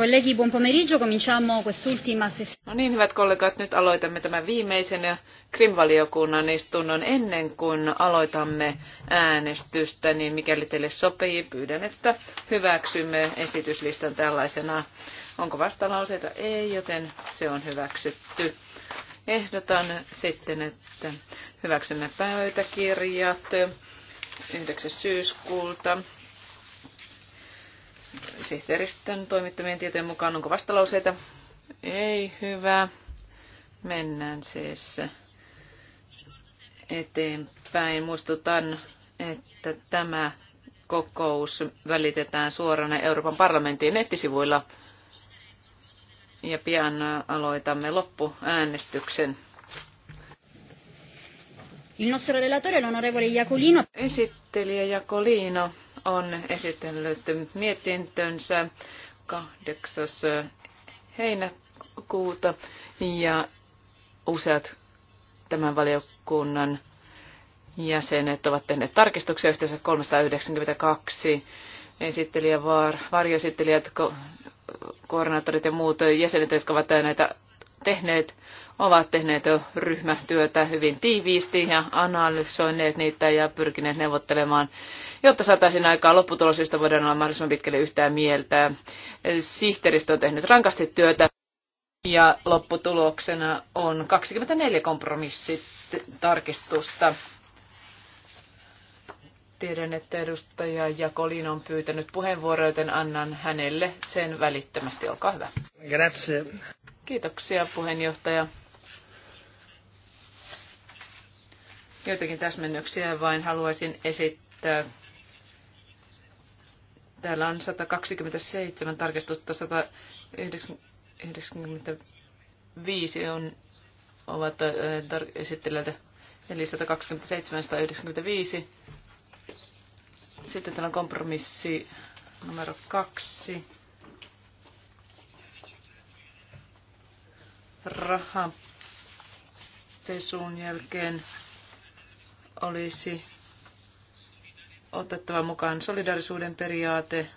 Colleghi, buon pomeriggio. Cominciamo quest'ultima sessione. No niin, hyvät kollegat, nyt aloitamme tämän viimeisen Krimvaliokunnan istunnon ennen kuin aloitamme äänestystä, niin mikäli teille sopii, pyydän, että hyväksymme esityslistan tällaisena. Onko vastalauseita? Ei, joten se on hyväksytty. Ehdotan sitten, että hyväksymme pöytäkirjat 9. syyskuulta sihteeristön toimittamien tietojen mukaan. Onko vastalauseita? Ei, hyvä. Mennään siis eteenpäin. Muistutan, että tämä kokous välitetään suorana Euroopan parlamentin nettisivuilla. Ja pian aloitamme loppuäänestyksen. Il nostro relatore, l'onorevole Jacolino. Esittelijä Jacolino on esitellyt mietintönsä 8. heinäkuuta ja useat tämän valiokunnan jäsenet ovat tehneet tarkistuksia yhteensä 392 esittelijä, var, varjoesittelijät, ko, koordinaattorit ja muut jäsenet, jotka ovat näitä tehneet, ovat tehneet jo ryhmätyötä hyvin tiiviisti ja analysoineet niitä ja pyrkineet neuvottelemaan, jotta saataisiin aikaa lopputulos, josta voidaan olla mahdollisimman pitkälle yhtään mieltä. Sihteeristö on tehnyt rankasti työtä ja lopputuloksena on 24 kompromissitarkistusta. Tiedän, että edustaja Jakolin on pyytänyt puheenvuoroa, joten annan hänelle sen välittömästi. Olkaa hyvä. Grazie. Kiitoksia puheenjohtaja. Joitakin täsmennyksiä vain haluaisin esittää. Täällä on 127 tarkistusta, 195 on, ovat tar- esittelijöitä, eli 127 195. Sitten täällä on kompromissi numero kaksi. Rahapesun jälkeen olisi otettava mukaan solidarisuuden periaate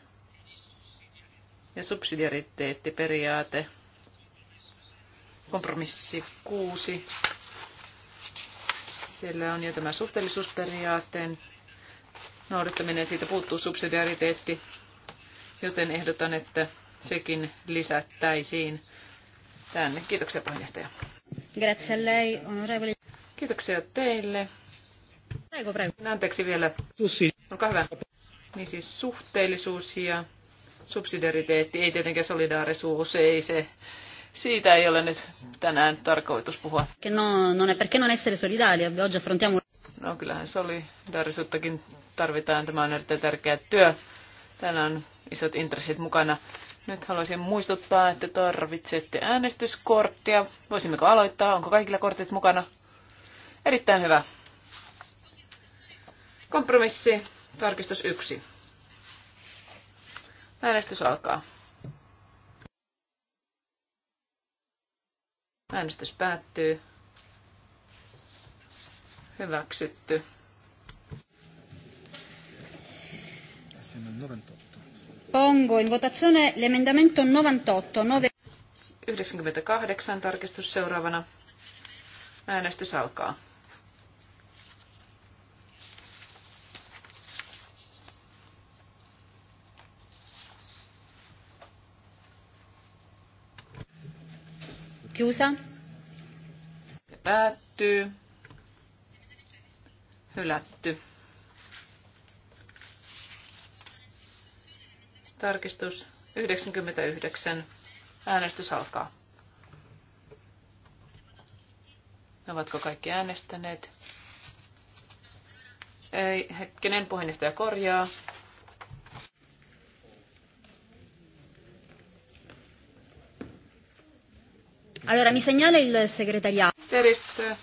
ja subsidiariteettiperiaate. Kompromissi kuusi. Siellä on jo tämä suhteellisuusperiaatteen noudattaminen, siitä puuttuu subsidiariteetti, joten ehdotan, että sekin lisättäisiin tänne. Kiitoksia puheenjohtaja. Grazie lei, onorevoli. Kiitoksia teille, Näinkö Anteeksi vielä. Sussi. Olkaa hyvä. Niin siis suhteellisuus ja subsidiariteetti, ei tietenkään solidaarisuus, ei se, siitä ei ole nyt tänään tarkoitus puhua. No, non è perché non essere solidali, oggi affrontiamo... No kyllähän solidaarisuuttakin tarvitaan, tämä on erittäin tärkeä työ. Täällä on isot intressit mukana. Nyt haluaisin muistuttaa, että tarvitsette äänestyskorttia. Voisimmeko aloittaa? Onko kaikilla kortit mukana? Erittäin hyvä. Kompromissi, tarkistus yksi. Äänestys alkaa. Äänestys päättyy. Hyväksytty. Pongo in votazione l'emendamento 98. 9... 98 tarkistus seuraavana. Äänestys alkaa. Se Päättyy. Hylätty. Tarkistus 99. Äänestys alkaa. Ovatko kaikki äänestäneet? Ei, hetkinen, puheenjohtaja korjaa. Allora, mi segnala il segretariato. Sihteeristö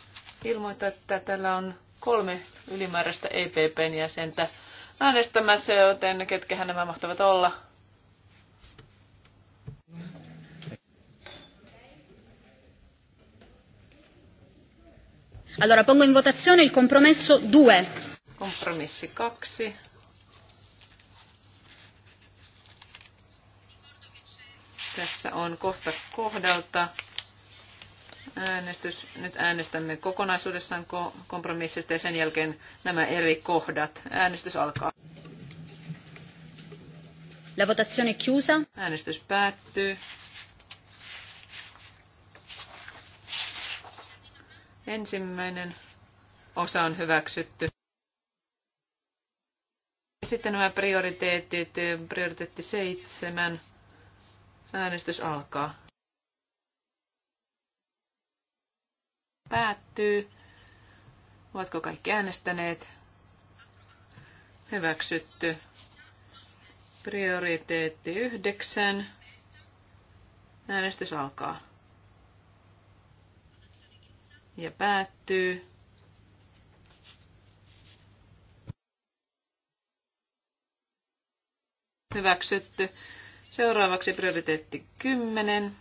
ilmoittaa, että tällä on kolme ylimääräistä EPPn jäsentä äänestämässä, joten ketkähän nämä mahtavat olla? Allora, pongo in votazione il compromesso 2. Compromessi 2. Tässä on kohta kohdalta äänestys. Nyt äänestämme kokonaisuudessaan kompromissista ja sen jälkeen nämä eri kohdat. Äänestys alkaa. La votazione chiusa. Äänestys päättyy. Ensimmäinen osa on hyväksytty. Sitten nämä prioriteetit. Prioriteetti seitsemän. Äänestys alkaa. päättyy. Ovatko kaikki äänestäneet? Hyväksytty. Prioriteetti 9. Äänestys alkaa. Ja päättyy. Hyväksytty. Seuraavaksi prioriteetti 10.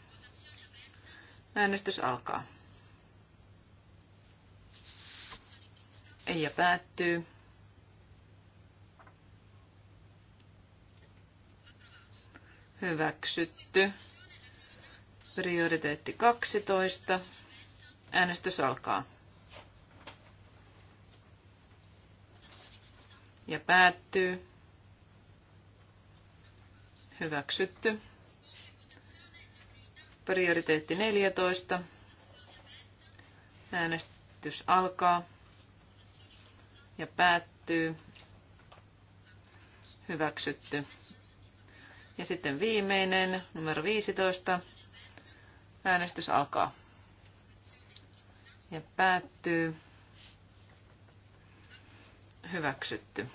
Äänestys alkaa. ja päättyy. Hyväksytty. Prioriteetti 12. Äänestys alkaa. Ja päättyy. Hyväksytty. Prioriteetti 14. Äänestys alkaa ja päättyy. Hyväksytty. Ja sitten viimeinen, numero 15. Äänestys alkaa. Ja päättyy. Hyväksytty.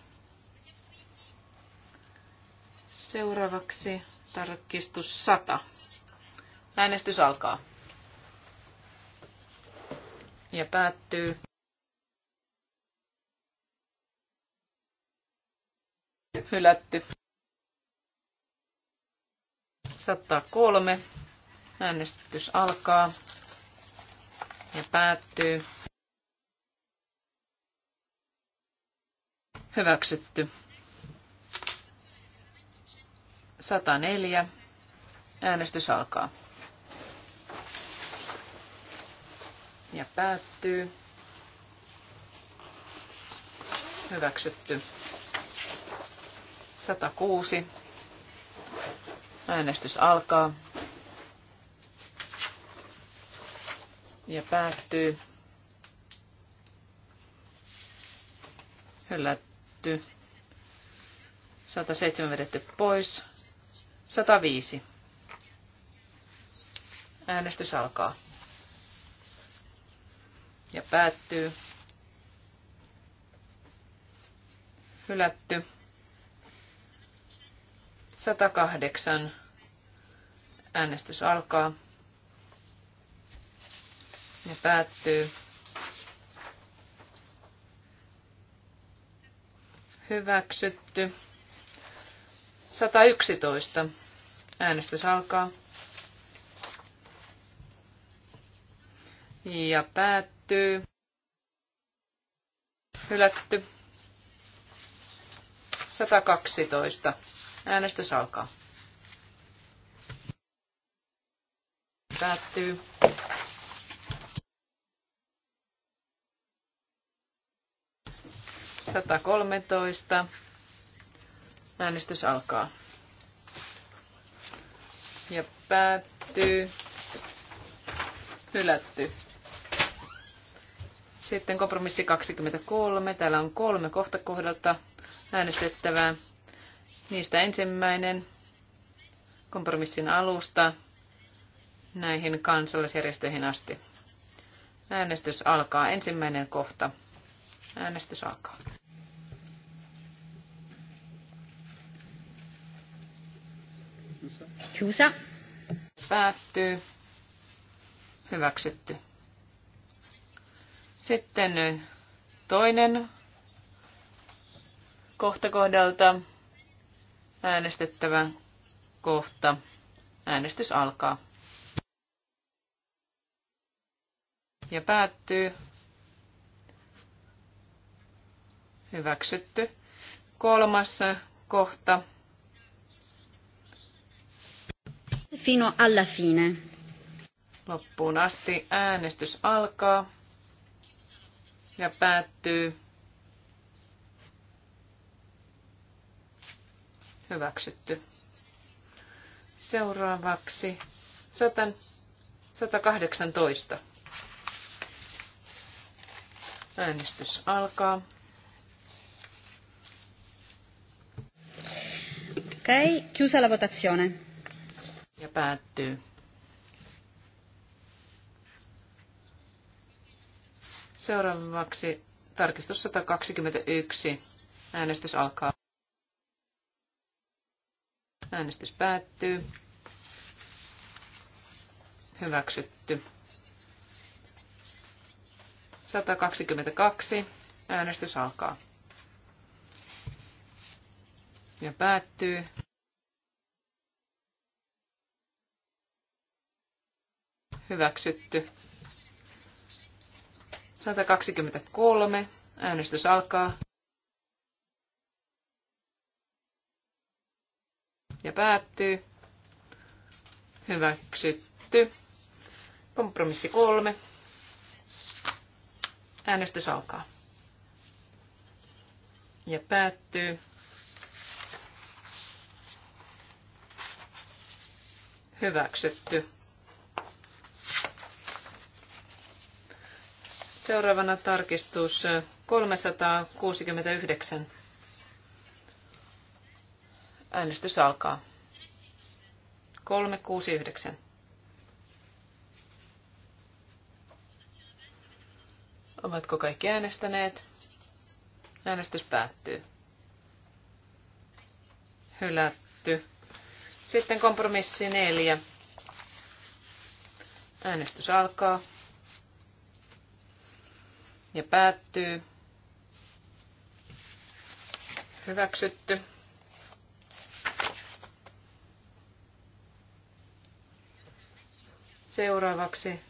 Seuraavaksi tarkistus 100. Äänestys alkaa. Ja päättyy. hylätty. 103. Äänestys alkaa ja päättyy. Hyväksytty. 104. Äänestys alkaa. Ja päättyy. Hyväksytty. 106. Äänestys alkaa. Ja päättyy. Hylätty. 107 vedetty pois. 105. Äänestys alkaa. Ja päättyy. Hylätty. 108. Äänestys alkaa ja päättyy. Hyväksytty. 111. Äänestys alkaa. Ja päättyy. Hylätty. 112. Äänestys alkaa. Päättyy. Sata kolmetoista. Äänestys alkaa. Ja päättyy. Hylätty. Sitten kompromissi 23. Täällä on kolme kohta kohdalta äänestettävää. Niistä ensimmäinen kompromissin alusta näihin kansallisjärjestöihin asti. Äänestys alkaa. Ensimmäinen kohta. Äänestys alkaa. Kiusa. Päättyy. Hyväksytty. Sitten toinen kohta kohdalta äänestettävä kohta. Äänestys alkaa. Ja päättyy. Hyväksytty. Kolmas kohta. Fino alla fine. Loppuun asti äänestys alkaa ja päättyy. hyväksytty. Seuraavaksi 118. Äänestys alkaa. Okei, okay, chiusa la votazione. Ja päättyy. Seuraavaksi tarkistus 121. Äänestys alkaa. Äänestys päättyy. Hyväksytty. 122. Äänestys alkaa. Ja päättyy. Hyväksytty. 123. Äänestys alkaa. ja päättyy. Hyväksytty. Kompromissi kolme. Äänestys alkaa. Ja päättyy. Hyväksytty. Seuraavana tarkistus 369. Äänestys alkaa. 369. Ovatko kaikki äänestäneet? Äänestys päättyy. Hylätty. Sitten kompromissi neljä. Äänestys alkaa. Ja päättyy. Hyväksytty. Seuraavaksi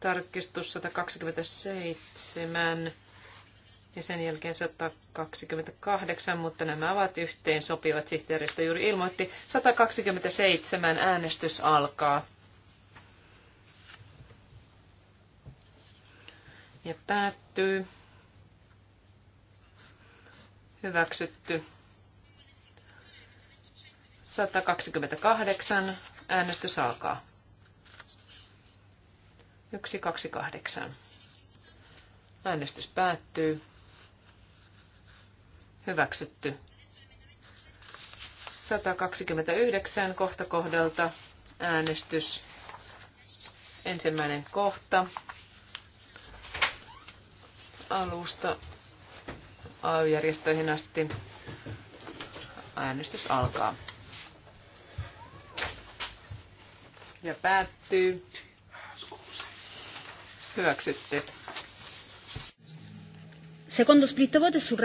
tarkistus 127 ja sen jälkeen 128, mutta nämä ovat yhteen sopivat. Sihteeristö juuri ilmoitti. 127 äänestys alkaa. Ja päättyy. Hyväksytty. 128 Äänestys alkaa. kahdeksan. Äänestys päättyy. Hyväksytty. 129 kohta kohdalta äänestys. Ensimmäinen kohta. Alusta AY-järjestöihin asti. Äänestys alkaa. ja päättyy. Hyväksytty. Secondo split vote sul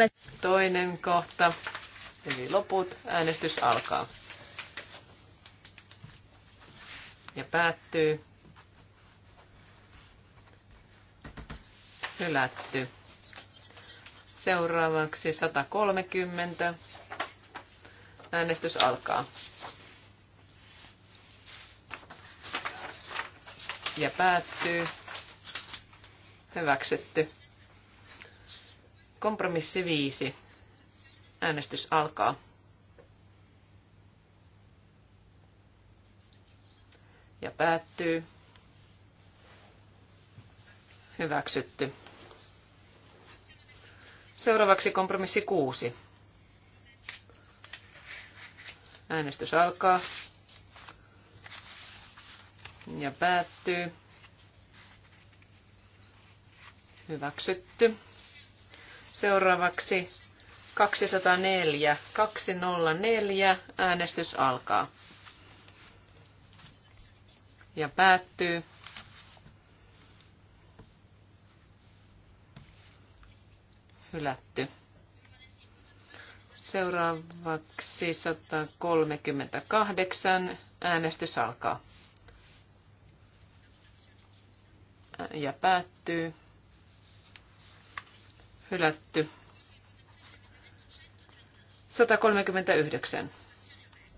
Toinen kohta, eli loput, äänestys alkaa. Ja päättyy. Hylätty. Seuraavaksi 130. Äänestys alkaa. ja päättyy. Hyväksytty. Kompromissi 5. Äänestys alkaa. Ja päättyy. Hyväksytty. Seuraavaksi kompromissi 6. Äänestys alkaa ja päättyy. Hyväksytty. Seuraavaksi 204. 204. Äänestys alkaa. Ja päättyy. Hylätty. Seuraavaksi 138. Äänestys alkaa. ja päättyy. Hylätty. 139.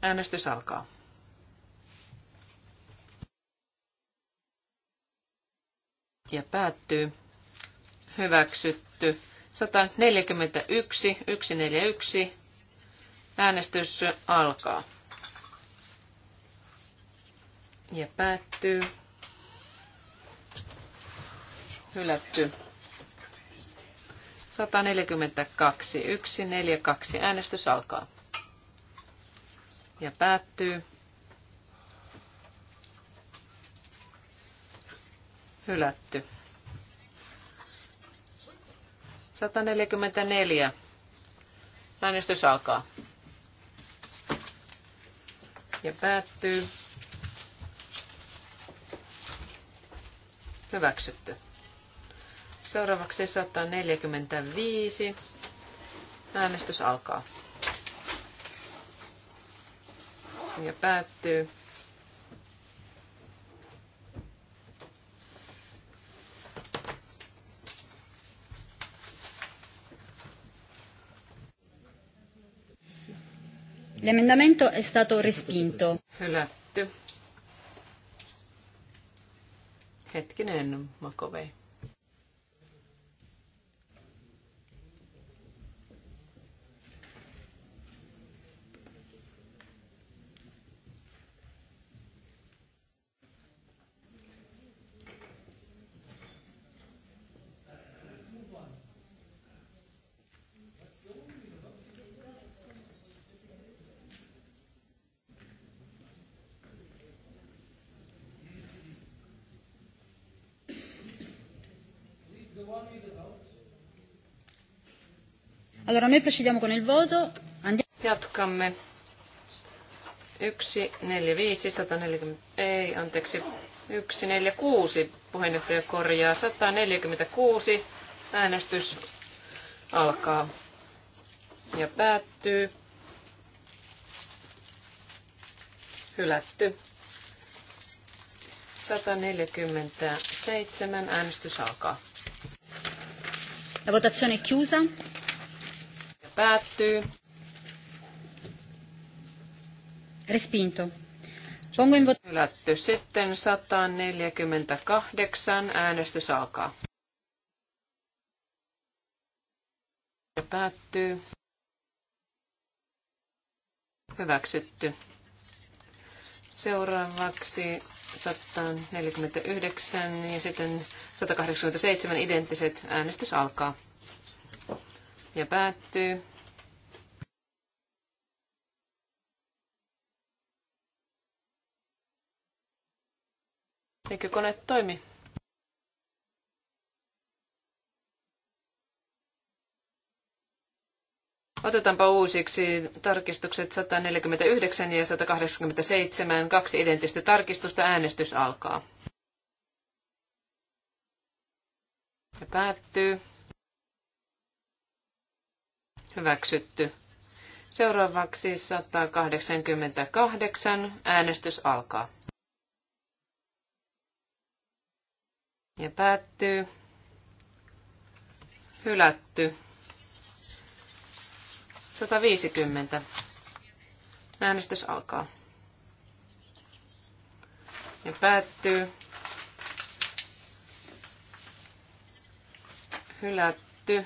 Äänestys alkaa. Ja päättyy. Hyväksytty. 141, 141. Äänestys alkaa. Ja päättyy hylätty. 142, 142, äänestys alkaa. Ja päättyy. Hylätty. 144. Äänestys alkaa. Ja päättyy. Hyväksytty. Seuraavaksi 145. Äänestys alkaa. Ja päättyy. L'emendamento è stato respinto. Hylätty. Hetkinen, Makovei. Allora, noi procediamo con il voto. Andiamo. Jatkamme. 5, 140, ei anteeksi, 146 puheenjohtaja korjaa, 146 äänestys alkaa ja päättyy. Hylätty. 147 äänestys alkaa. La votazione è chiusa päättyy. Respinto. Pongo Hylätty. Sitten 148. Äänestys alkaa. Ja päättyy. Hyväksytty. Seuraavaksi 149 ja sitten 187 identtiset. Äänestys alkaa ja päättyy. Eikö kone toimi? Otetaanpa uusiksi tarkistukset 149 ja 187. Kaksi identistä tarkistusta. Äänestys alkaa. Ja päättyy. Hyväksytty. Seuraavaksi 188. Äänestys alkaa. Ja päättyy. Hylätty. 150. Äänestys alkaa. Ja päättyy. Hylätty.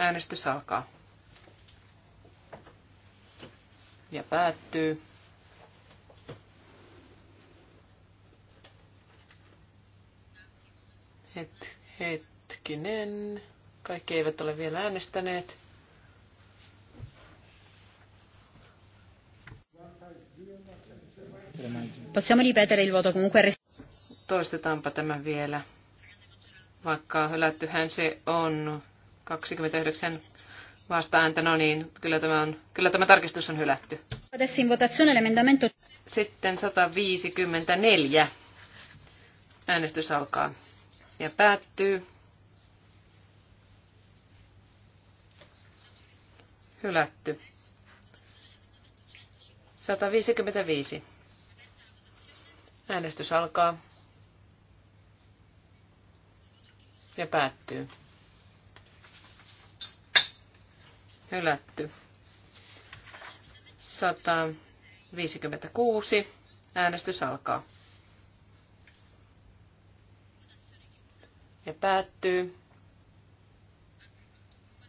Äänestys alkaa. Ja päättyy. Het, hetkinen. Kaikki eivät ole vielä äänestäneet. Possiamo ripetere il voto comunque. Toistetaanpa tämä vielä. Vaikka hylättyhän se on, 29 vastaääntä, no niin, kyllä tämä, on, kyllä tämä tarkistus on hylätty. Sitten 154. Äänestys alkaa ja päättyy. Hylätty. 155. Äänestys alkaa ja päättyy. Hylätty. 156. Äänestys alkaa. Ja päättyy.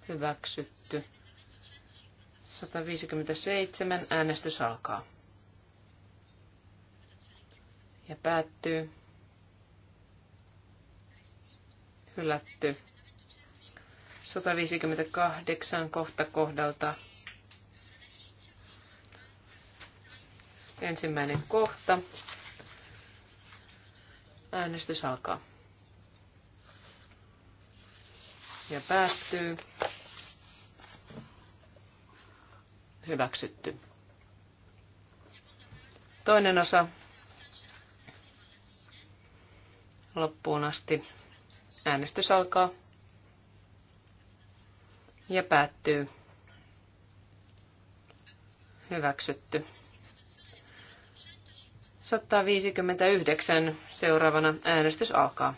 Hyväksytty. 157. Äänestys alkaa. Ja päättyy. Hylätty. 158 kohta kohdalta. Ensimmäinen kohta. Äänestys alkaa. Ja päättyy. Hyväksytty. Toinen osa. Loppuun asti. Äänestys alkaa ja päättyy. Hyväksytty. 159. Seuraavana äänestys alkaa.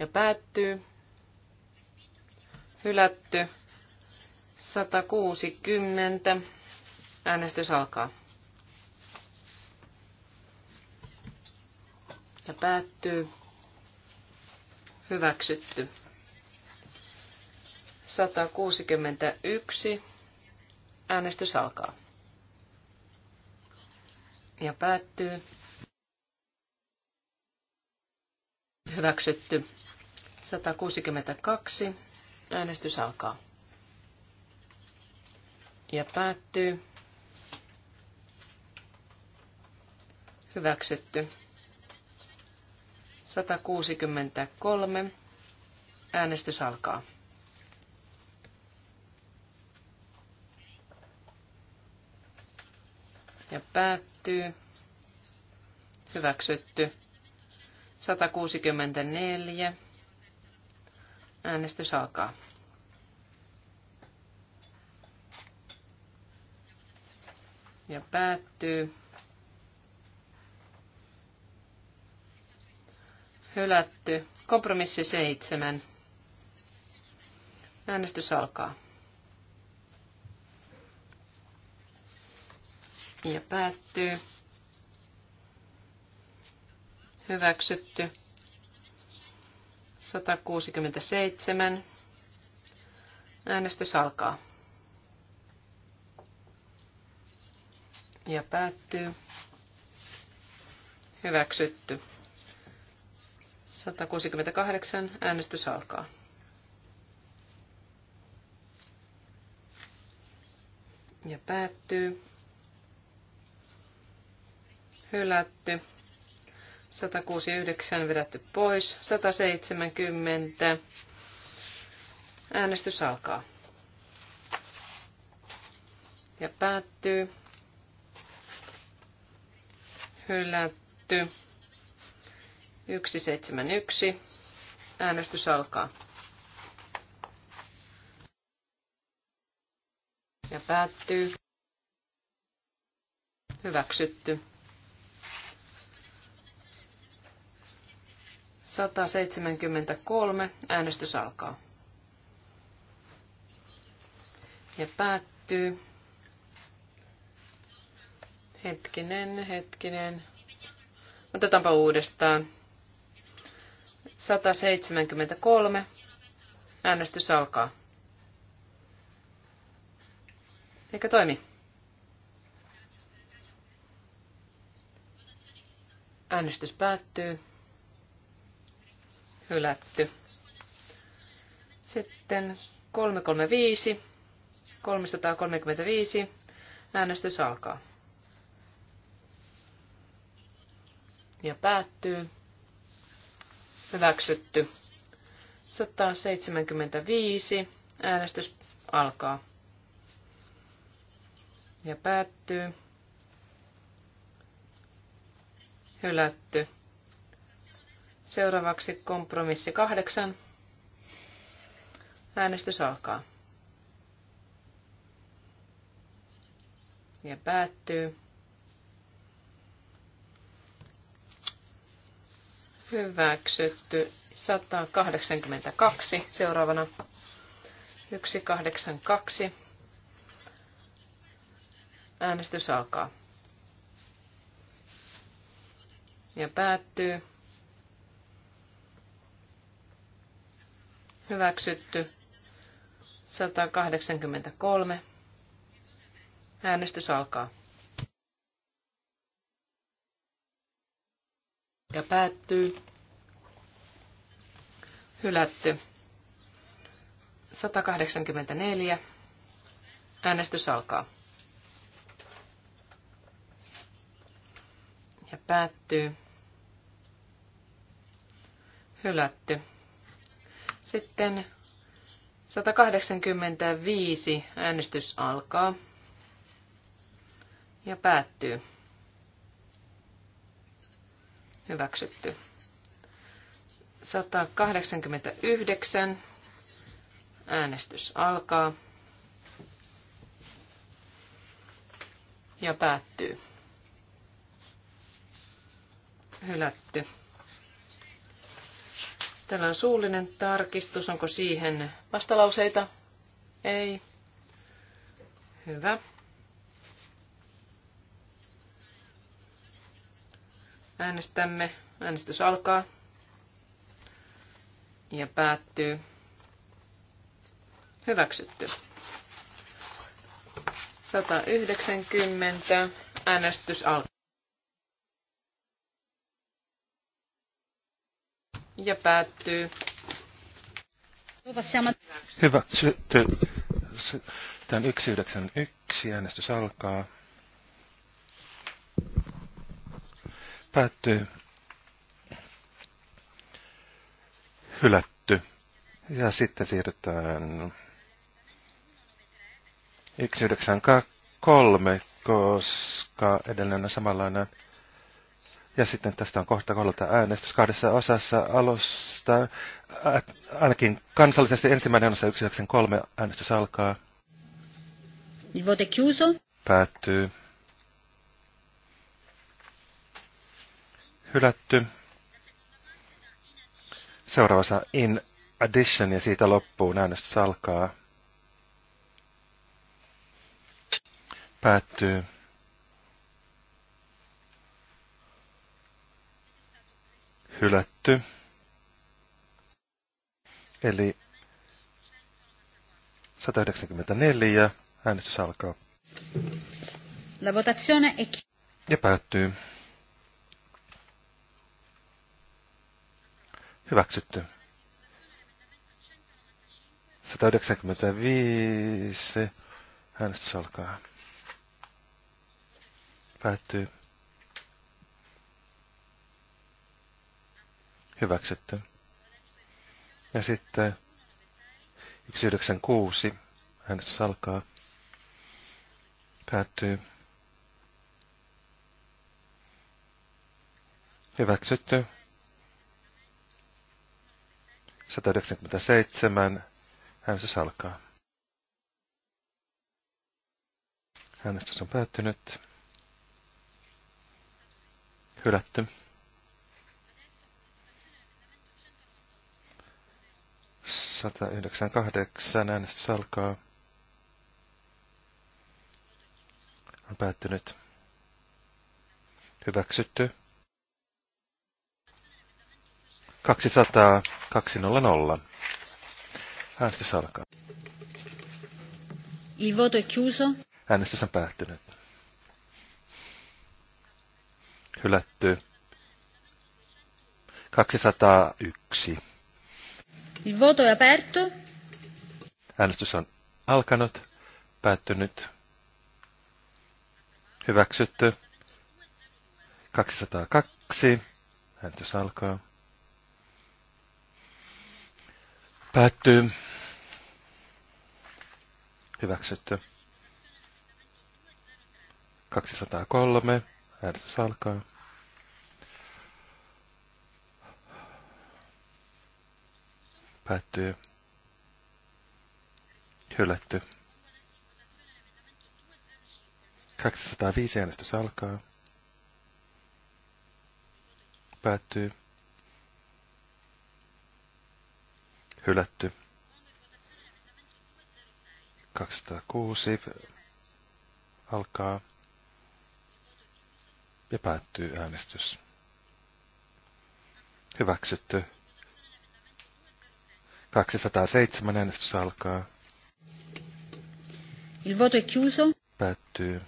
Ja päättyy. Hylätty. 160. Äänestys alkaa. Ja päättyy hyväksytty. 161. Äänestys alkaa. Ja päättyy. Hyväksytty. 162. Äänestys alkaa. Ja päättyy. Hyväksytty. 163. Äänestys alkaa. Ja päättyy. Hyväksytty. 164. Äänestys alkaa. Ja päättyy. Hylätty. Kompromissi seitsemän. Äänestys alkaa. Ja päättyy. Hyväksytty. 167. Äänestys alkaa. Ja päättyy. Hyväksytty. 168. Äänestys alkaa. Ja päättyy. Hylätty. 169 vedetty pois. 170. Äänestys alkaa. Ja päättyy. Hylätty. 171. Äänestys alkaa. Ja päättyy. Hyväksytty. 173. Äänestys alkaa. Ja päättyy. Hetkinen, hetkinen. Otetaanpa uudestaan. 173. Äänestys alkaa. Eikö toimi? Äänestys päättyy. Hylätty. Sitten 335. 335. Äänestys alkaa. Ja päättyy. Hyväksytty. 175. Äänestys alkaa. Ja päättyy. Hylätty. Seuraavaksi kompromissi kahdeksan. Äänestys alkaa. Ja päättyy. hyväksytty 182 seuraavana 182. Äänestys alkaa. Ja päättyy. Hyväksytty 183. Äänestys alkaa. ja päättyy. Hylätty. 184. Äänestys alkaa. Ja päättyy. Hylätty. Sitten 185 äänestys alkaa ja päättyy. Hyväksytty. 189. Äänestys alkaa. Ja päättyy. Hylätty. Täällä on suullinen tarkistus. Onko siihen vastalauseita? Ei. Hyvä. Äänestämme. Äänestys alkaa ja päättyy. Hyväksytty. 190. Äänestys alkaa. Ja päättyy. Hyväksytty. Tämän 191 äänestys alkaa. Päättyy. Hylätty. Ja sitten siirrytään 193, koska edellinen on samanlainen. Ja sitten tästä on kohta kolta äänestys kahdessa osassa alusta. Ainakin kansallisesti ensimmäinen osa 193 äänestys alkaa. chiuso. Päättyy. hylätty. Seuraavassa in addition ja siitä loppuu äänestys salkaa Päättyy. Hylätty. Eli 194 äänestys alkaa. La votazione è... Ja päättyy. Hyväksytty. 195. Äänestys alkaa. Päättyy. Hyväksytty. Ja sitten 196. Äänestys alkaa. Päättyy. Hyväksytty. 197. se salkaa. Äänestys on päättynyt. Hylätty. Sata yhdeksän kahdeksan äänestys alkaa. On päättynyt. Hyväksytty. 200 200. Äänestys alkaa. Il voto è chiuso. Äänestys on päättynyt. Hylätty. 201. Il voto è aperto. Äänestys on alkanut, päättynyt, hyväksytty. 202. Äänestys alkaa. Päättyy. Hyväksytty. 203. Äänestys alkaa. Päättyy. Hylätty. 205 äänestys alkaa. Päättyy. hylätty. 206 alkaa ja päättyy äänestys. Hyväksytty. 207 äänestys alkaa. Il voto è chiuso. Päättyy.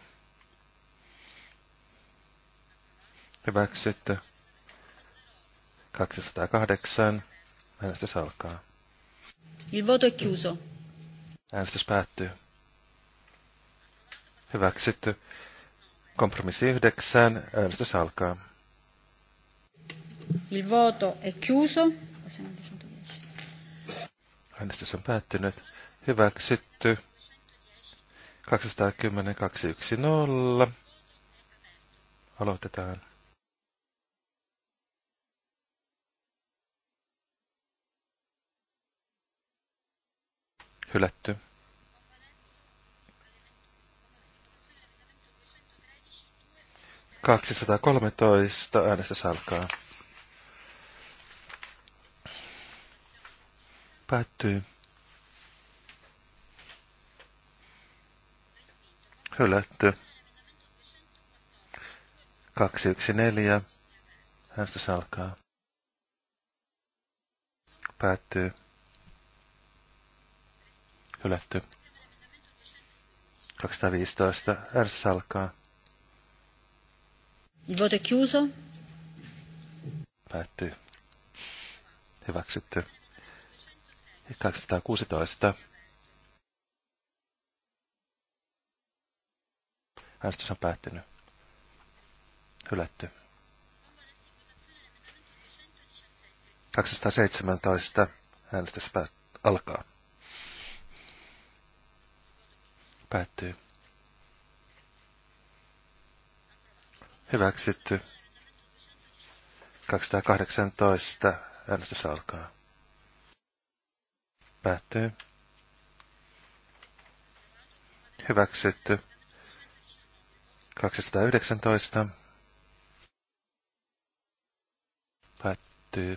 Hyväksytty. 208. Äänestys alkaa. Il voto è chiuso. Äänestys päättyy. Hyväksytty. Kompromissi yhdeksän. Äänestys alkaa. Il voto è chiuso. Äänestys on päättynyt. Hyväksytty. 210 210. Aloitetaan. hylätty. Kaksisataakolmetoista äänestys alkaa. Päättyy. Hylätty. neljä Äänestys alkaa. Päättyy. Hylätty. 215. R salkaa. Vote chiuso. Päättyy. Hyväksytty. 216. Äänestys on päättynyt. Hylätty. 217. Äänestys päät- alkaa. Päättyy. Hyväksytty. 218. Äänestys alkaa. Päättyy. Hyväksytty. 219. Päättyy.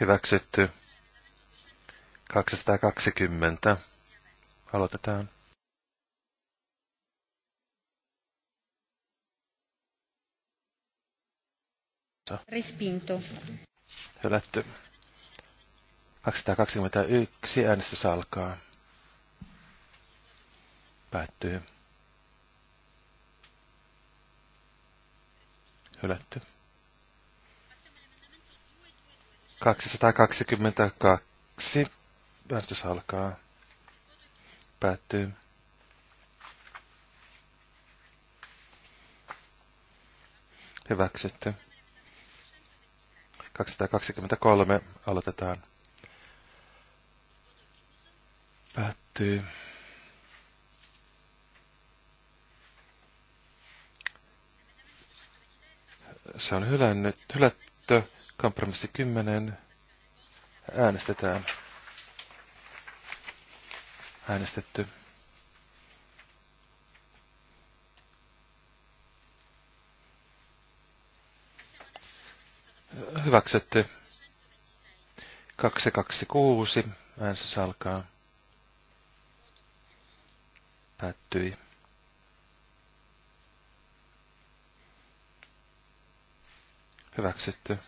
Hyväksytty. 220. Aloitetaan. Respinto. Hylätty. 221 äänestys alkaa. Päättyy. Hylätty. 222 äänestys alkaa. Päättyy. Hyväksytty. 223 aloitetaan. Päättyy. Se on hylännyt, hylätty. Kompromissi 10. Äänestetään äänestetty. Hyväksytty. 226. Äänsä alkaa. Päättyi. Hyväksytty.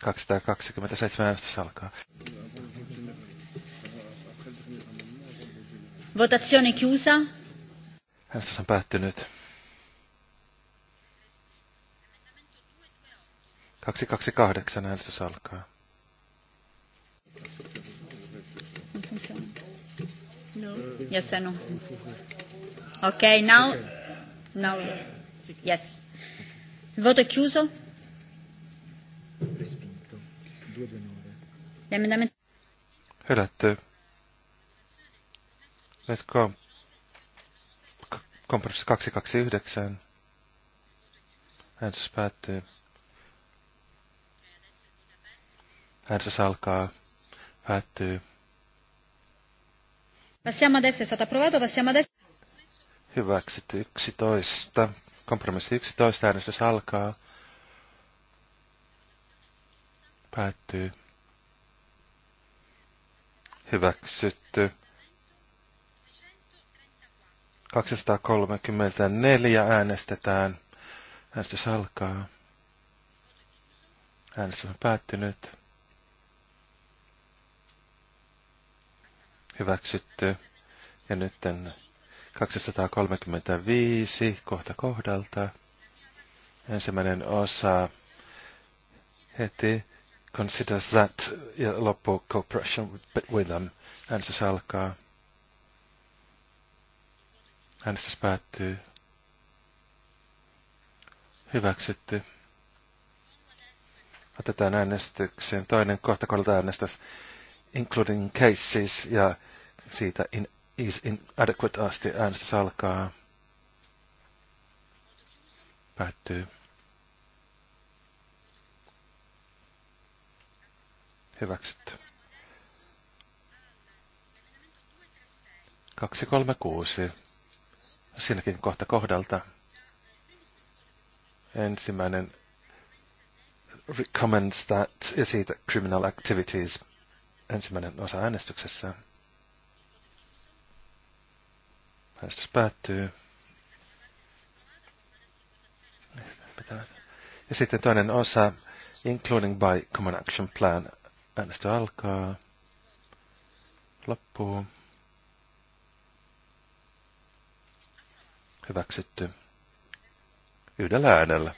227 äänestys alkaa. Votazione chiusa. Adesso sono päättynyt. 228 äänestys alkaa. No. Yes and no. Okay, now, now, yes. Il voto è chiuso. Respinto. L'emendamento. Hylätty. Nyt kompromissi 229. Äänestys päättyy. Äänestys alkaa. Päättyy. Passiamo adesso, è stato approvato, passiamo adesso. Hyväksytty 11. Kompromissi 11. Äänestys alkaa. Päättyy. Hyväksytty. 234 äänestetään. Äänestys alkaa. Äänestys on päättynyt. Hyväksytty. Ja nyt 235 kohta kohdalta. Ensimmäinen osa heti consider that ja loppu cooperation with them. Äänestys alkaa. Äänestys päättyy. Hyväksytty. Otetaan äänestykseen toinen kohta kohdalta äänestys. Including cases ja siitä in, is inadequate asti äänestys alkaa. Päättyy. Hyväksytty. 236 siinäkin kohta kohdalta. Ensimmäinen recommends that ja siitä criminal activities ensimmäinen osa äänestyksessä. Äänestys päättyy. Ja sitten toinen osa, including by common action plan. Äänestö alkaa. Loppuu. Hyväksytty. Yhdellä äänellä.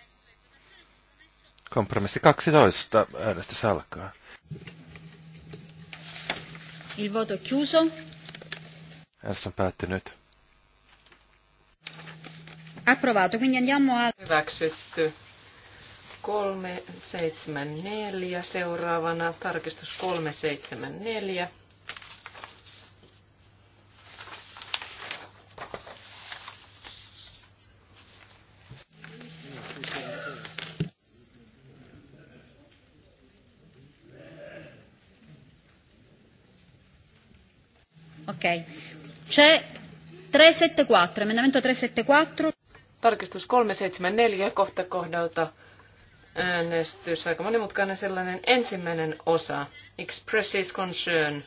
Kompromissi 12. Äänestys alkaa. Il voto chiuso. Äänestys on päättynyt. Approvato, quindi andiamo al... Hyväksytty. 374 seuraavana, tarkistus 374. Ok. C'è 374, emendamento 374. Tarkistus 374 kohta kohdalta äänestys, aika monimutkainen sellainen ensimmäinen osa, expresses concern,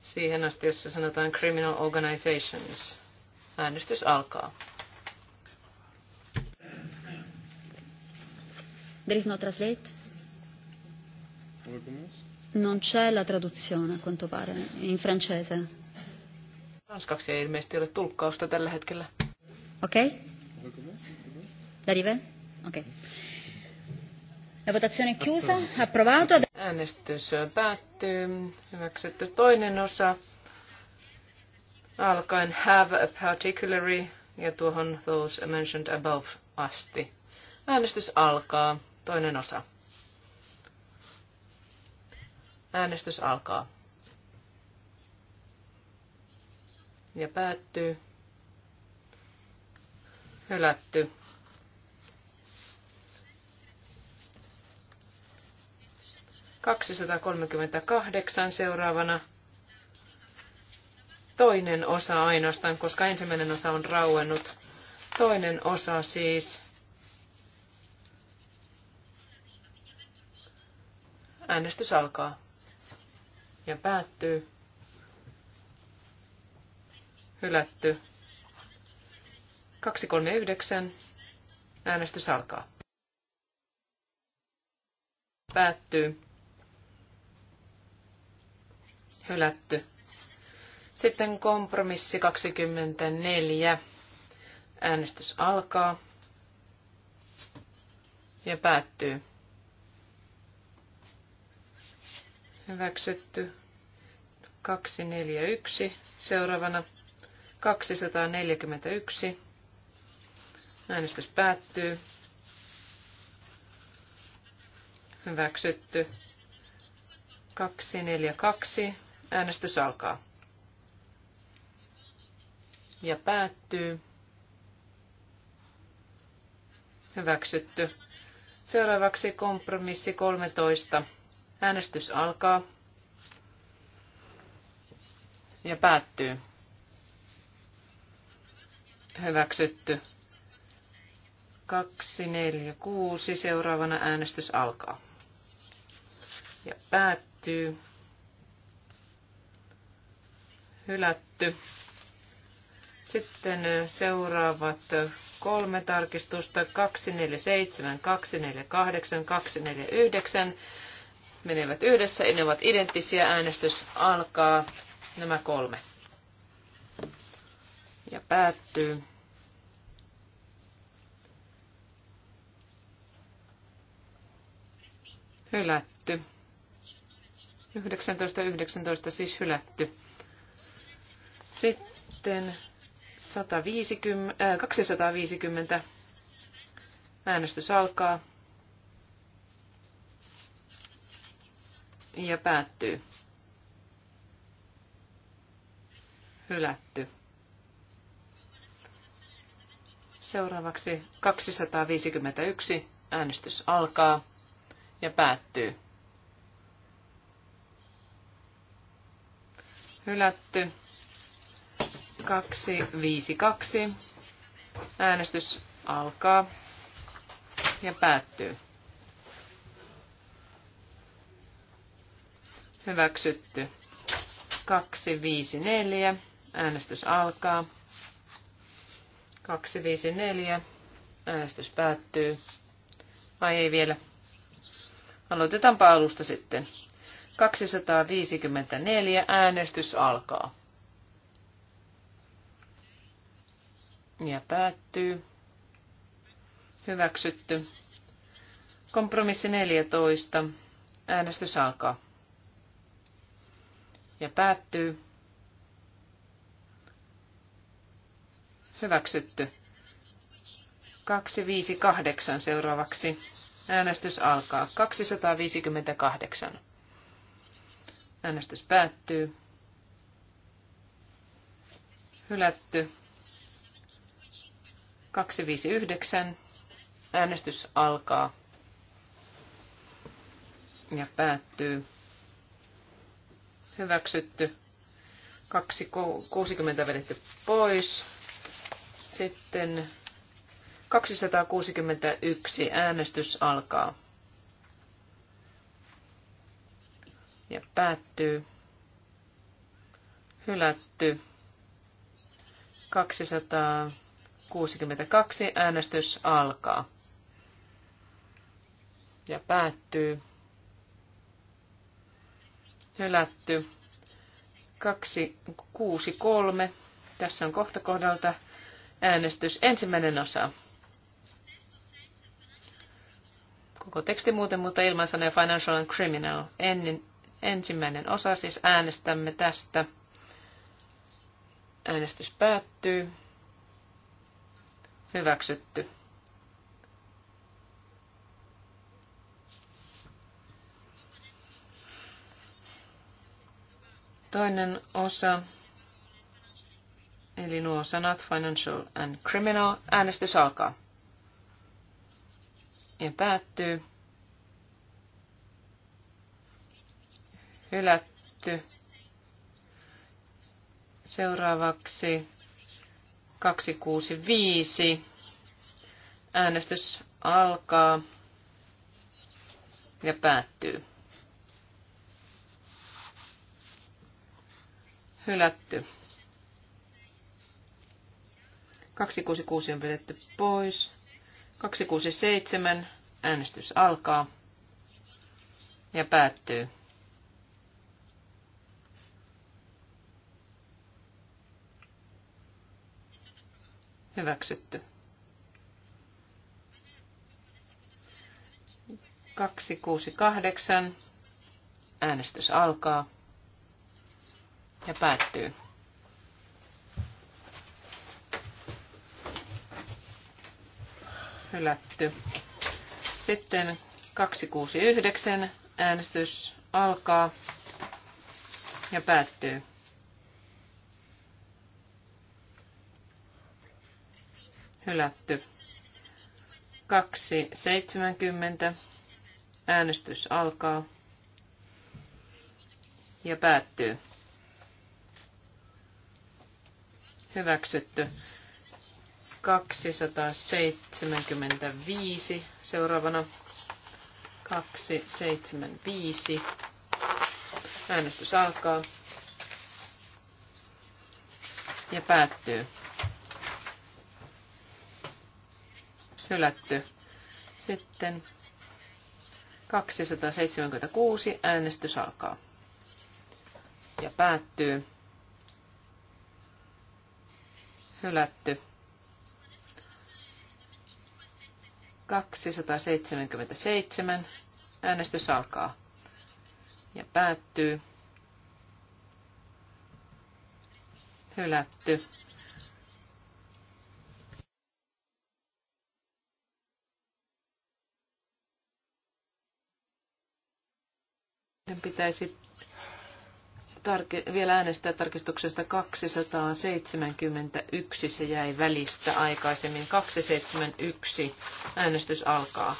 siihen asti, jossa sanotaan criminal organizations. Äänestys alkaa. There is no translate. Recommence. Non c'è la traduzione, a quanto pare, in francese. Ranskaksi ei ilmeisesti ole tulkkausta tällä hetkellä. Okei? Okay? Darive? Okei. Okay. La votazione chiusa, approvato. Äänestys päättyy. Hyväksytty toinen osa. Alkaen have a particularly ja tuohon those mentioned above asti. Äänestys alkaa. Toinen osa. Äänestys alkaa. Ja päättyy. Hylätty. kolmekymmentäkahdeksan seuraavana. Toinen osa ainoastaan, koska ensimmäinen osa on rauennut. Toinen osa siis Äänestys alkaa ja päättyy. Hylätty. 239. Äänestys alkaa. Päättyy. Hylätty. Sitten kompromissi 24. Äänestys alkaa ja päättyy. Hyväksytty. 241. Seuraavana 241. Äänestys päättyy. Hyväksytty. 242. Äänestys alkaa. Ja päättyy. Hyväksytty. Seuraavaksi kompromissi 13 Äänestys alkaa ja päättyy. Hyväksytty. kuusi Seuraavana äänestys alkaa. Ja päättyy. Hylätty. Sitten seuraavat kolme tarkistusta. kaksi neljä yhdeksän menevät yhdessä, ne ovat identtisiä, äänestys alkaa, nämä kolme. Ja päättyy. Hylätty. 1919 19, siis hylätty. Sitten 150, äh, 250. Äänestys alkaa. ja päättyy. Hylätty. Seuraavaksi 251 äänestys alkaa ja päättyy. Hylätty. 252. Äänestys alkaa ja päättyy. Hyväksytty. 254. Äänestys alkaa. 254. Äänestys päättyy. Vai ei vielä? Aloitetaan alusta sitten. 254. Äänestys alkaa. Ja päättyy. Hyväksytty. Kompromissi 14. Äänestys alkaa ja päättyy. Hyväksytty. 258 seuraavaksi. Äänestys alkaa. 258. Äänestys päättyy. Hylätty. 259. Äänestys alkaa ja päättyy hyväksytty. 260 vedetty pois. Sitten 261 äänestys alkaa. Ja päättyy. Hylätty. 262 äänestys alkaa. Ja päättyy hylätty. 263. Tässä on kohta kohdalta äänestys. Ensimmäinen osa. Koko teksti muuten, mutta ilman sanoja Financial and Criminal. Ennen, ensimmäinen osa, siis äänestämme tästä. Äänestys päättyy. Hyväksytty. Toinen osa, eli nuo sanat financial and criminal, äänestys alkaa. Ja päättyy. Hylätty. Seuraavaksi 265. Äänestys alkaa ja päättyy. hylätty. 266 on vedetty pois. 267 äänestys alkaa ja päättyy. Hyväksytty. 268 äänestys alkaa ja päättyy. Hylätty. Sitten 269 äänestys alkaa ja päättyy. Hylätty. 270 äänestys alkaa ja päättyy. hyväksytty. 275 seuraavana. 275. Äänestys alkaa ja päättyy. Hylätty. Sitten 276 äänestys alkaa ja päättyy. Hylätty. 277. Äänestys alkaa ja päättyy. Hylätty. pitäisi tarke- vielä äänestää tarkistuksesta 271. Se jäi välistä aikaisemmin. 271. Äänestys alkaa.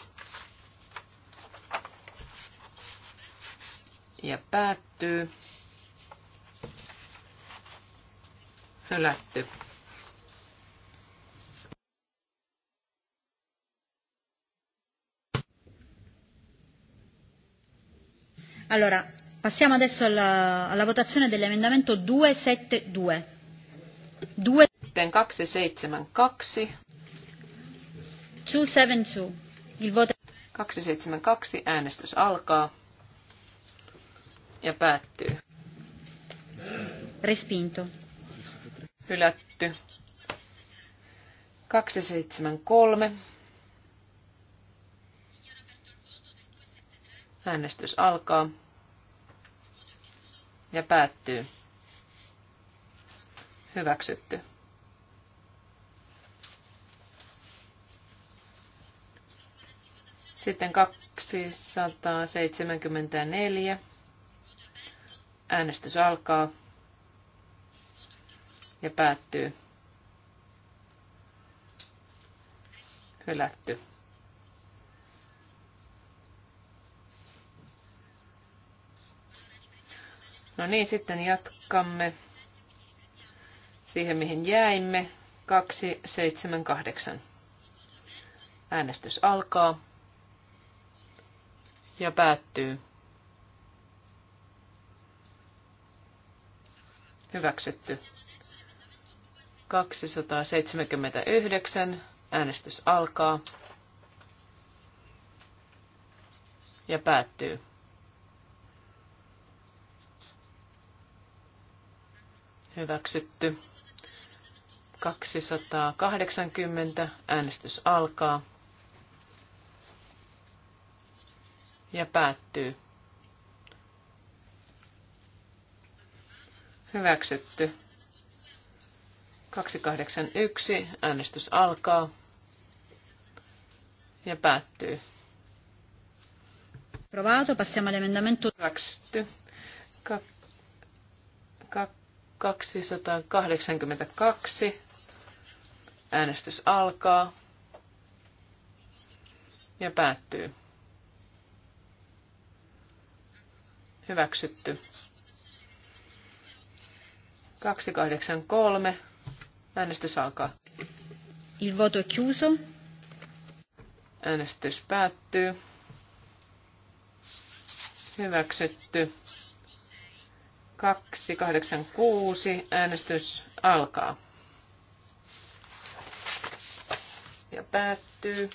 Ja päättyy. Hylätty. Allora, Passiamo adesso alla, alla votazione dell'emendamento 272. 272. 272. Il voto... 272. Äänestys alkaa ja päättyy. Respinto. Hylätty. 273. Äänestys alkaa ja päättyy. Hyväksytty. Sitten 274. Äänestys alkaa ja päättyy. Hylätty. No niin, sitten jatkamme siihen, mihin jäimme. 278. Äänestys alkaa ja päättyy. Hyväksytty. 279. Äänestys alkaa ja päättyy. hyväksytty. 280, äänestys alkaa ja päättyy. Hyväksytty. 281, äänestys alkaa ja päättyy. Provato, passiamo all'emendamento. Hyväksytty. Ka- ka- 282. Äänestys alkaa ja päättyy. Hyväksytty. 283. Äänestys alkaa. Il voto è chiuso. Äänestys päättyy. Hyväksytty. 286. Äänestys alkaa. Ja päättyy.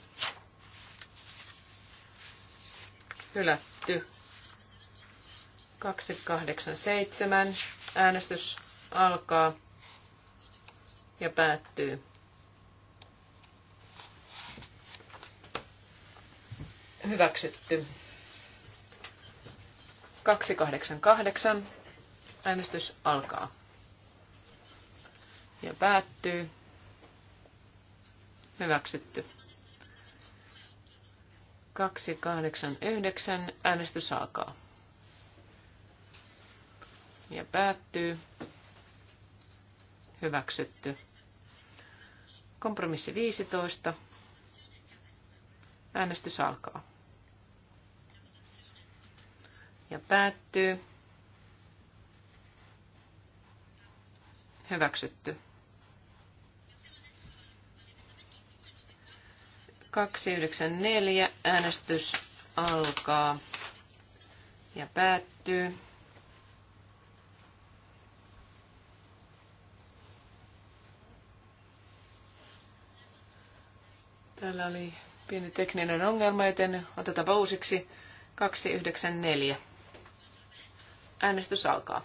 Hylätty. 287. Äänestys alkaa ja päättyy. Hyväksytty. 288. Äänestys alkaa. Ja päättyy. Hyväksytty. 289. Äänestys alkaa. Ja päättyy. Hyväksytty. Kompromissi 15. Äänestys alkaa. Ja päättyy. Hyväksytty. neljä. äänestys alkaa ja päättyy. Täällä oli pieni tekninen ongelma, joten otetaan uusiksi 294. Äänestys alkaa.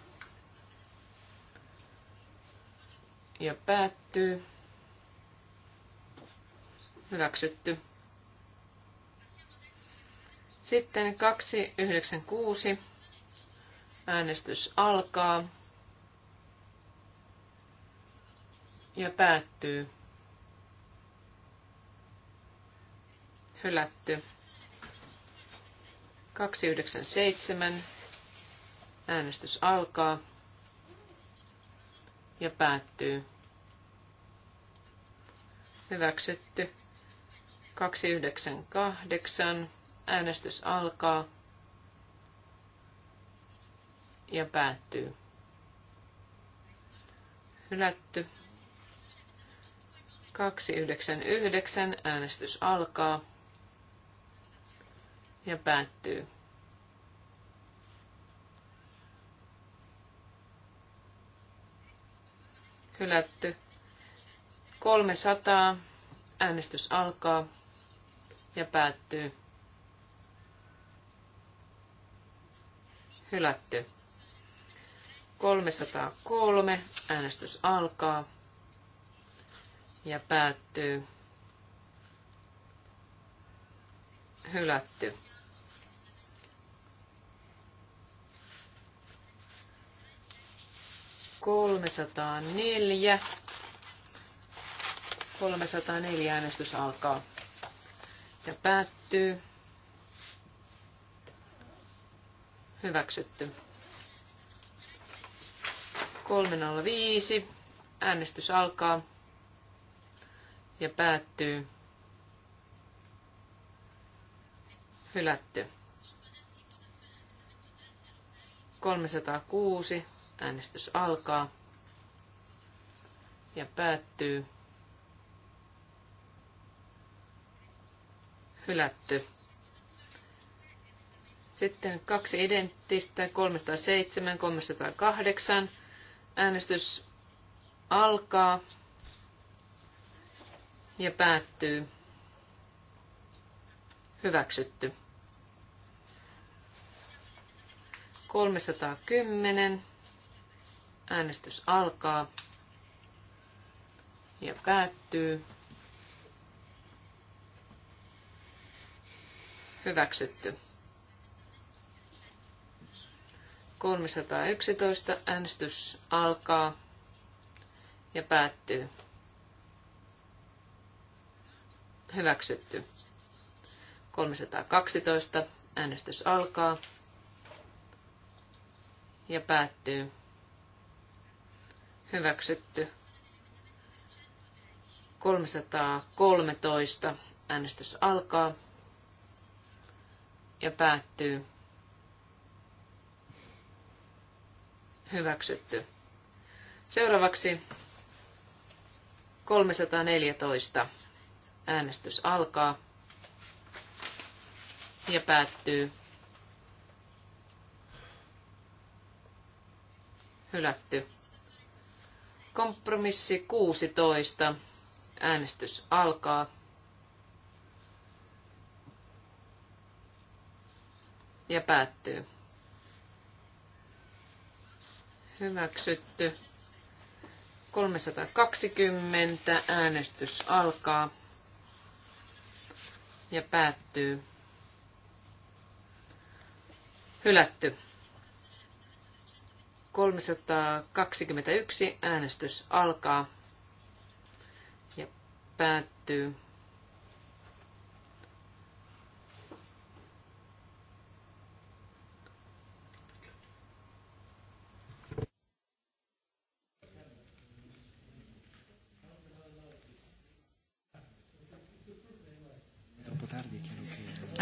ja päättyy. Hyväksytty. Sitten 296. Äänestys alkaa ja päättyy. Hylätty. 297. Äänestys alkaa ja päättyy. Hyväksytty. 298. Äänestys alkaa ja päättyy. Hylätty. 299. Äänestys alkaa ja päättyy. Hylätty. 300. Äänestys alkaa ja päättyy. Hylätty. 303. Äänestys alkaa ja päättyy. Hylätty. Kolmesataa neljä. 304 äänestys alkaa ja päättyy. Hyväksytty. 305. Äänestys alkaa ja päättyy. Hylätty. 306. Äänestys alkaa ja päättyy. hylätty. Sitten kaksi identtistä, 307, 308. Äänestys alkaa ja päättyy. Hyväksytty. 310. Äänestys alkaa ja päättyy. Hyväksytty. 311 äänestys alkaa ja päättyy. Hyväksytty. 312 äänestys alkaa ja päättyy. Hyväksytty. 313 äänestys alkaa ja päättyy. Hyväksytty. Seuraavaksi 314. Äänestys alkaa ja päättyy. Hylätty. Kompromissi 16. Äänestys alkaa. ja päättyy. Hyväksytty. 320 äänestys alkaa ja päättyy. Hylätty. 321 äänestys alkaa ja päättyy.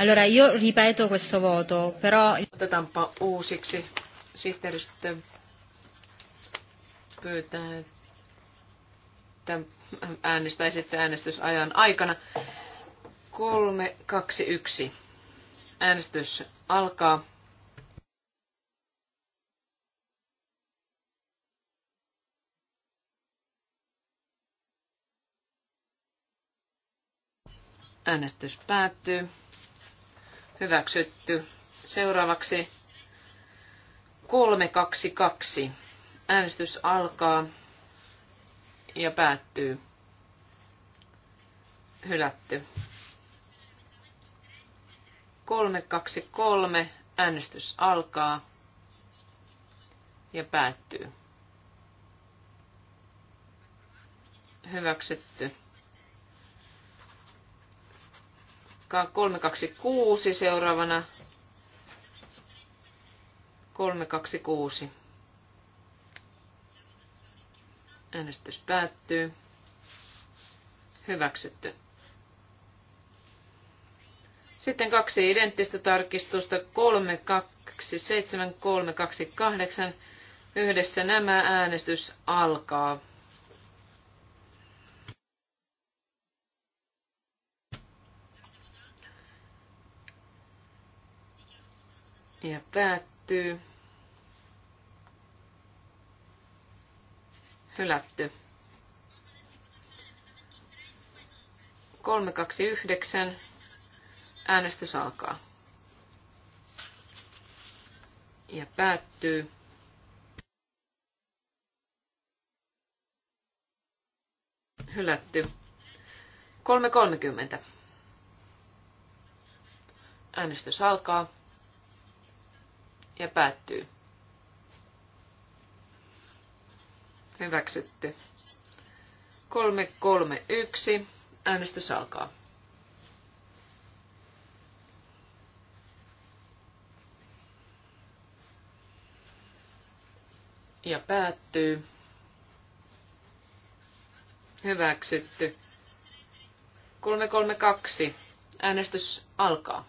Allora io ripeto questo voto, però... Otetaanpa uusiksi. Sihteeristö pyytää, että äänestäisitte äänestysajan aikana. 3, 2, 1. Äänestys alkaa. Äänestys päättyy. Hyväksytty. Seuraavaksi 322. Äänestys alkaa ja päättyy. Hylätty. 323. Äänestys alkaa ja päättyy. Hyväksytty. 326 seuraavana. 326. Äänestys päättyy. Hyväksytty. Sitten kaksi identtistä tarkistusta, 327, 328. Yhdessä nämä äänestys alkaa. Ja päättyy. Hylätty. 329. Äänestys alkaa. Ja päättyy. Hylätty. 3.30. Äänestys alkaa ja päättyy. Hyväksytty. 331. Äänestys alkaa. Ja päättyy. Hyväksytty. 332. Äänestys alkaa.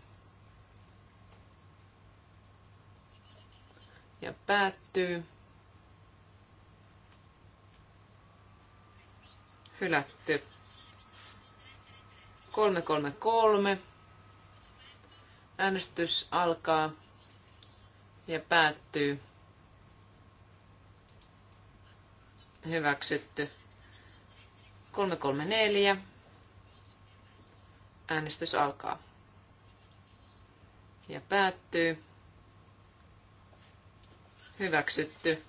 ja päättyy. Hylätty. 333. Äänestys alkaa ja päättyy. Hyväksytty. 334. Äänestys alkaa ja päättyy. Hyväksytty.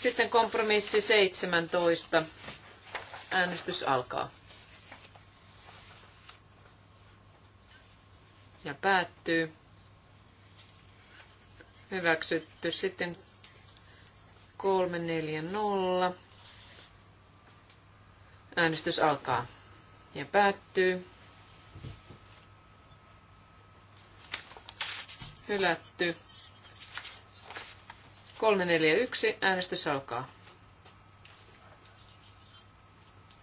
Sitten kompromissi 17. Äänestys alkaa. Ja päättyy. Hyväksytty. Sitten 340. Äänestys alkaa ja päättyy. Hylätty. 341. Äänestys alkaa.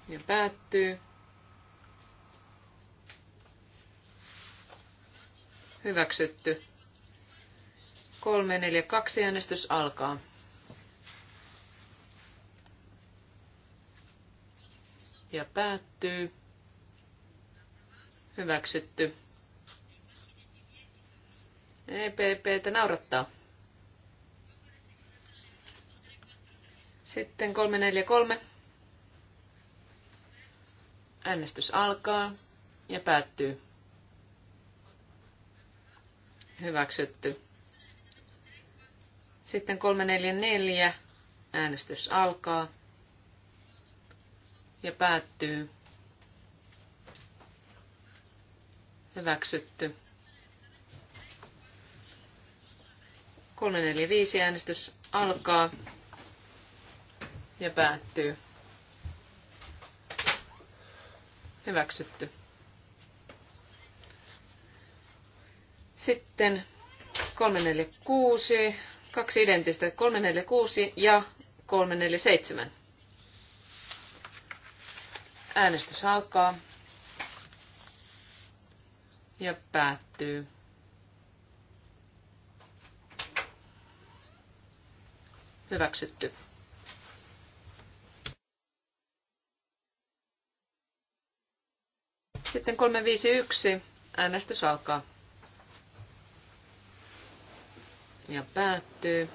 Ja päättyy. Hyväksytty. 342 äänestys alkaa. Ja päättyy. Hyväksytty. E että naurattaa. Sitten 343. Äänestys alkaa ja päättyy. Hyväksytty. Sitten 344. Äänestys alkaa ja päättyy. Hyväksytty. 345 äänestys alkaa ja päättyy. Hyväksytty. Sitten 346, kaksi identistä, 346 ja 347. Äänestys alkaa ja päättyy. Hyväksytty. Sitten 351. Äänestys alkaa. Ja päättyy.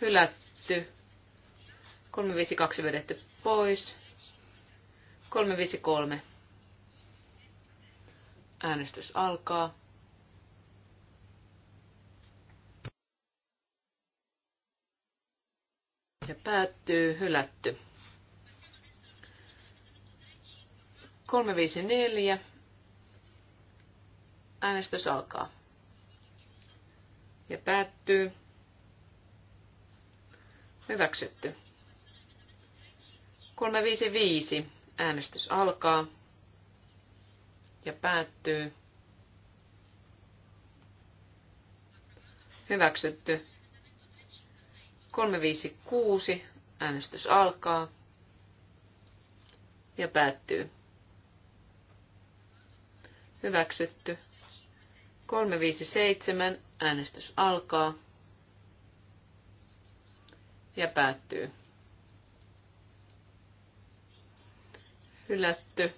Hylätty. 352 vedetty pois. 353. Äänestys alkaa. Ja päättyy hylätty. 354. Äänestys alkaa. Ja päättyy. Hyväksytty. 355. Äänestys alkaa. Ja päättyy. Hyväksytty. 356. Äänestys alkaa. Ja päättyy. Hyväksytty. 357. Äänestys alkaa. Ja päättyy. Hylätty.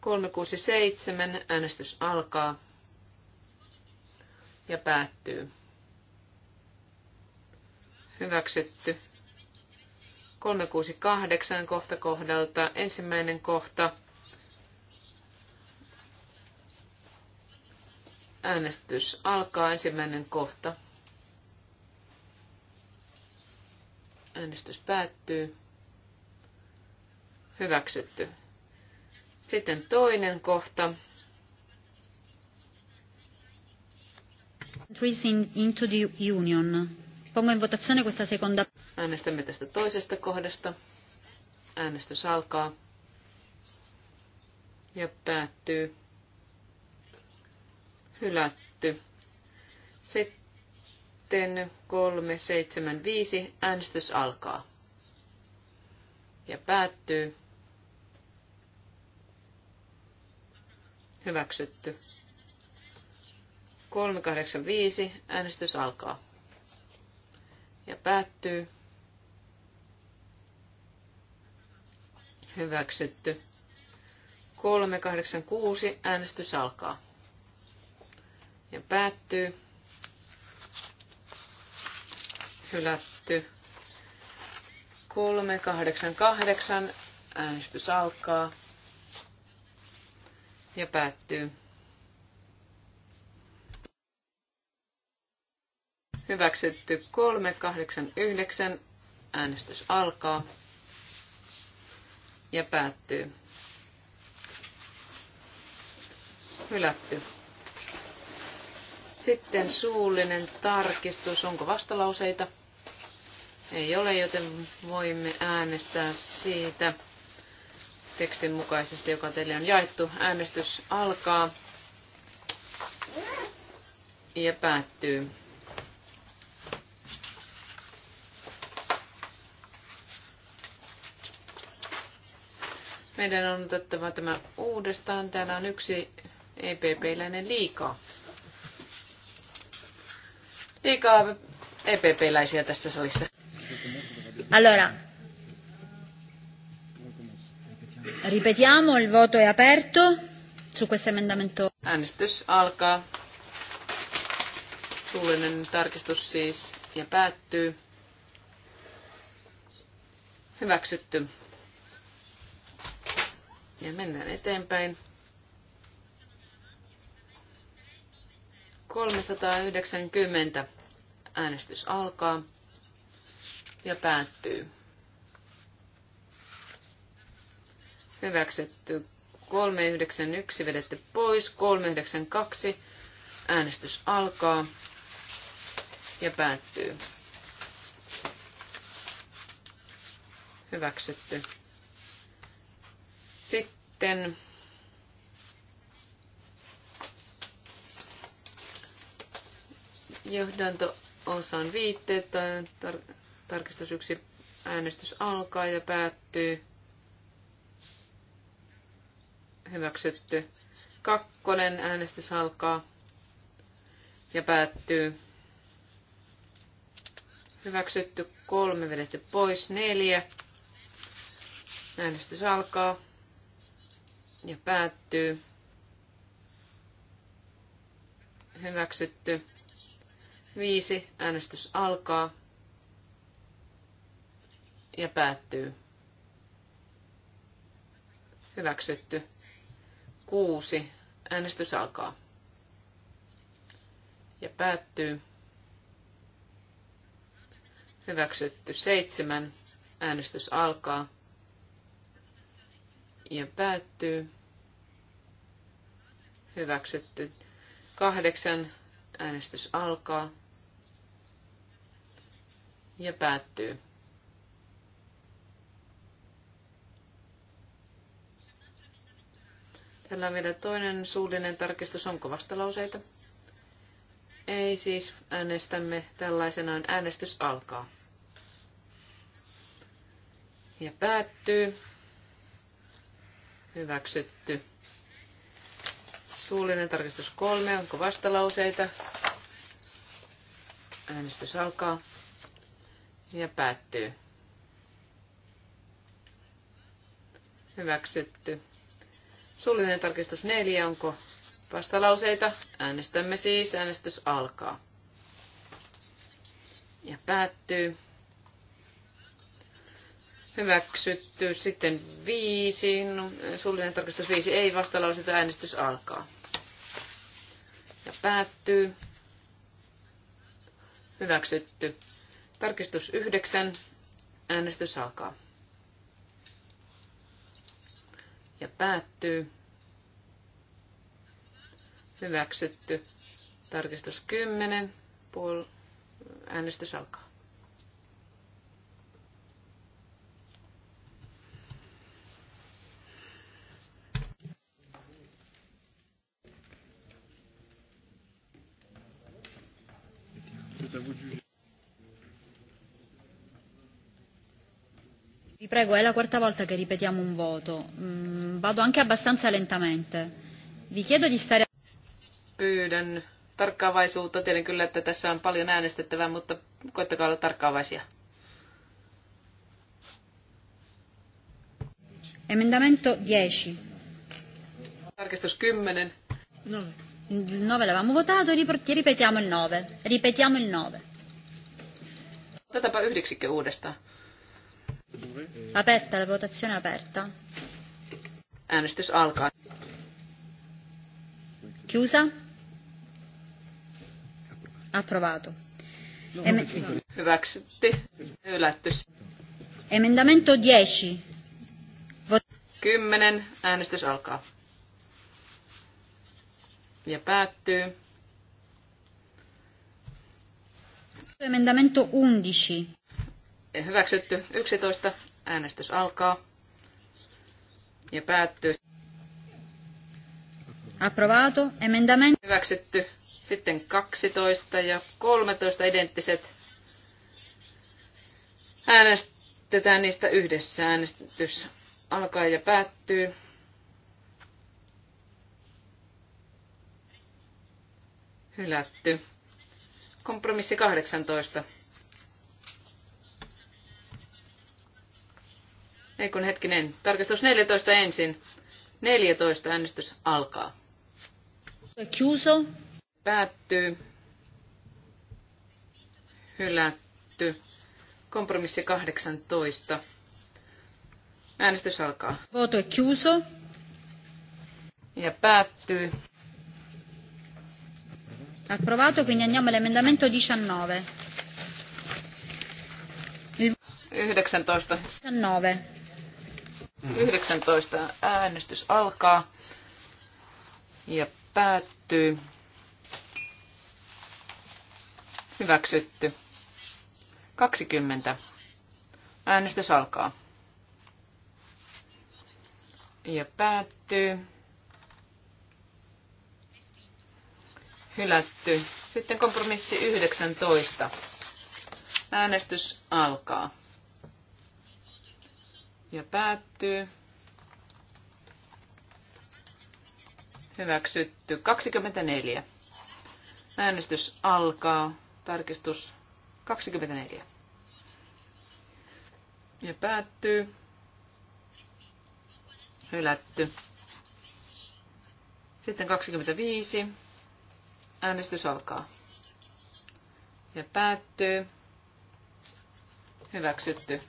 367. Äänestys alkaa. Ja päättyy. Hyväksytty. 368 kohta kohdalta. Ensimmäinen kohta Äänestys alkaa. Ensimmäinen kohta. Äänestys päättyy. Hyväksytty. Sitten toinen kohta. into the Union. Pongo in votazione questa seconda. Äänestämme tästä toisesta kohdasta. Äänestys alkaa ja päättyy hylätty. Sitten 375 äänestys alkaa ja päättyy. Hyväksytty. 385 äänestys alkaa ja päättyy. Hyväksytty. 386 äänestys alkaa ja päättyy. Hylätty. 388. Äänestys alkaa ja päättyy. Hyväksytty 389. Äänestys alkaa ja päättyy. Hylätty sitten suullinen tarkistus. Onko vastalauseita? Ei ole, joten voimme äänestää siitä tekstin mukaisesti, joka teille on jaettu. Äänestys alkaa ja päättyy. Meidän on otettava tämä uudestaan. Täällä on yksi EPP-läinen liikaa liikaa EPP-läisiä tässä salissa. Allora, ripetiamo, il voto è aperto su questo emendamento. Äänestys alkaa. Suullinen tarkistus siis ja päättyy. Hyväksytty. Ja mennään eteenpäin. 390 äänestys alkaa ja päättyy. Hyväksytty 391 vedette pois, 392 äänestys alkaa ja päättyy. Hyväksytty. Sitten Johdanto-osan viitteet, tar- tarkistus yksi äänestys alkaa ja päättyy. Hyväksytty. Kakkonen äänestys alkaa ja päättyy. Hyväksytty kolme, vedetty pois neljä. Äänestys alkaa ja päättyy. Hyväksytty viisi Äänestys alkaa ja päättyy. Hyväksytty. kuusi Äänestys alkaa ja päättyy. Hyväksytty. seitsemän Äänestys alkaa ja päättyy. Hyväksytty. kahdeksan Äänestys alkaa ja päättyy. Tällä on vielä toinen suullinen tarkistus. Onko vastalauseita? Ei siis. Äänestämme tällaisenaan. Äänestys alkaa. Ja päättyy. Hyväksytty. Suullinen tarkistus kolme. Onko vastalauseita? Äänestys alkaa ja päättyy. Hyväksytty. Suullinen tarkistus neljä onko vastalauseita? Äänestämme siis, äänestys alkaa. Ja päättyy. Hyväksytty. Sitten viisi, no, suullinen tarkistus viisi, ei vastalauseita, äänestys alkaa. Ja päättyy. Hyväksytty. Tarkistus 9. Äänestys alkaa. Ja päättyy. Hyväksytty. Tarkistus 10. Puol- äänestys alkaa. vous Vi prego, è la quarta volta che ripetiamo un voto. Mm, vado anche abbastanza lentamente. Vi chiedo di stare... Pyydän tarkkaavaisuutta. Tiedän kyllä, että tässä on paljon äänestettävää, mutta koittakaa olla tarkkaavaisia. Emendamento 10. Tarkistus 10. 9. Il 9 l'avevamo votato, ripetiamo il 9. Ripetiamo il 9. Otetaanpa yhdeksikkö uudestaan. Aperta, la votazione aperta. Äänestys alkaa. Chiusa. Approvato. Em- Hyväksytty. Hylätty. Emendamento 10. Vot- 10. Äänestys alkaa. Ja päättyy. Emendamento 11 hyväksytty 11. Äänestys alkaa ja päättyy. Approvato. Emendament. Hyväksytty. Sitten 12 ja 13 identtiset. Äänestetään niistä yhdessä. Äänestys alkaa ja päättyy. Hylätty. Kompromissi 18. Ei kun hetkinen. Tarkastus 14 ensin. 14 äänestys alkaa. Chiuso. Päättyy. Hylätty. Kompromissi 18. Äänestys alkaa. Voto chiuso. Ja päättyy. Approvato, quindi andiamo all'emendamento 19. 19. 19. 19 äänestys alkaa ja päättyy. Hyväksytty. 20. Äänestys alkaa. Ja päättyy. Hylätty. Sitten kompromissi 19. Äänestys alkaa ja päättyy. Hyväksytty. 24. Äänestys alkaa. Tarkistus 24. Ja päättyy. Hylätty. Sitten 25. Äänestys alkaa. Ja päättyy. Hyväksytty.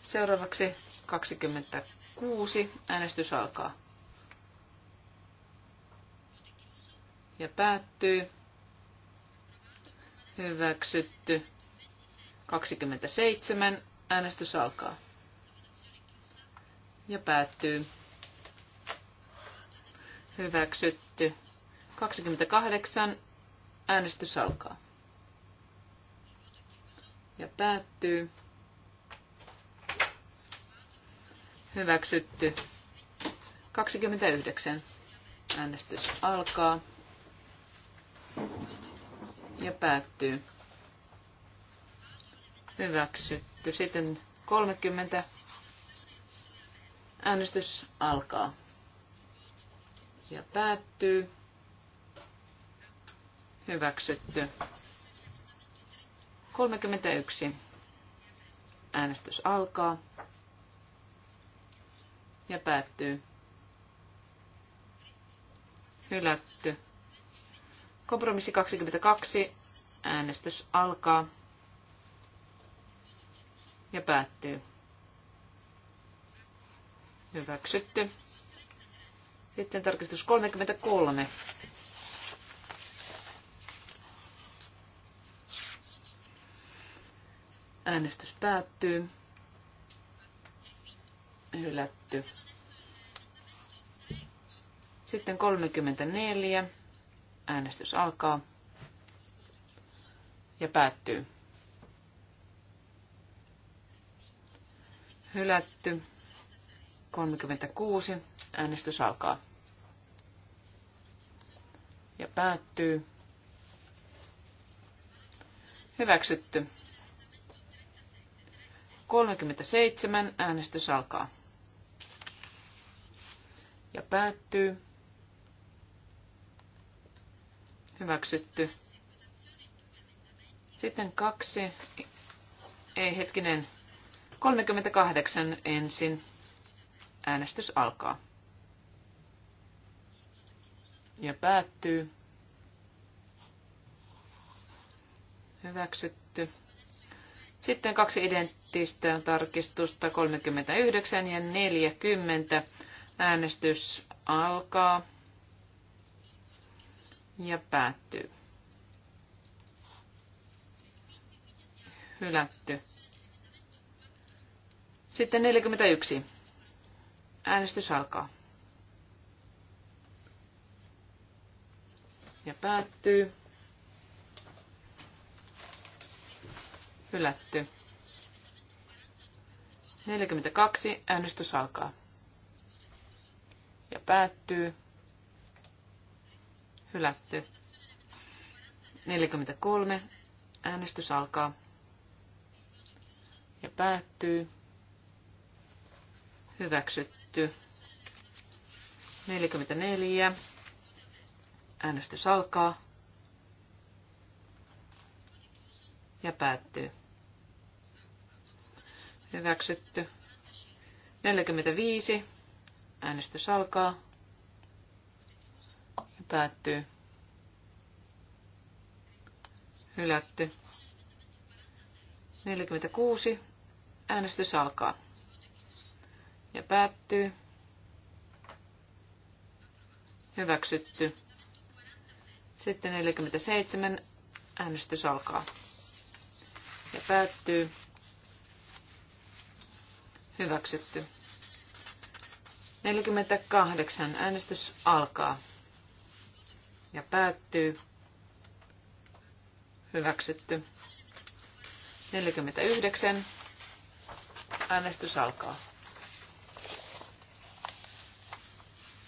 Seuraavaksi 26. Äänestys alkaa. Ja päättyy. Hyväksytty. 27. Äänestys alkaa. Ja päättyy. Hyväksytty. 28. Äänestys alkaa. Ja päättyy. Hyväksytty. 29. Äänestys alkaa ja päättyy. Hyväksytty. Sitten 30. Äänestys alkaa ja päättyy. Hyväksytty. 31. Äänestys alkaa ja päättyy. Hylätty. Kompromissi 22. Äänestys alkaa ja päättyy. Hyväksytty. Sitten tarkistus 33. Äänestys päättyy hylätty. Sitten 34. Äänestys alkaa ja päättyy. Hylätty. 36. Äänestys alkaa. Ja päättyy. Hyväksytty. 37. Äänestys alkaa ja päättyy. Hyväksytty. Sitten kaksi, ei hetkinen, 38 ensin. Äänestys alkaa. Ja päättyy. Hyväksytty. Sitten kaksi identtistä tarkistusta, 39 ja 40 Äänestys alkaa ja päättyy. Hylätty. Sitten 41. Äänestys alkaa. Ja päättyy. Hylätty. 42. Äänestys alkaa ja päättyy. Hylätty. 43. Äänestys alkaa ja päättyy. Hyväksytty. 44. Äänestys alkaa ja päättyy. Hyväksytty. 45. Äänestys alkaa ja päättyy. Hylätty. 46. Äänestys alkaa ja päättyy. Hyväksytty. Sitten 47. Äänestys alkaa ja päättyy. Hyväksytty. 48. Äänestys alkaa ja päättyy. Hyväksytty. 49. Äänestys alkaa.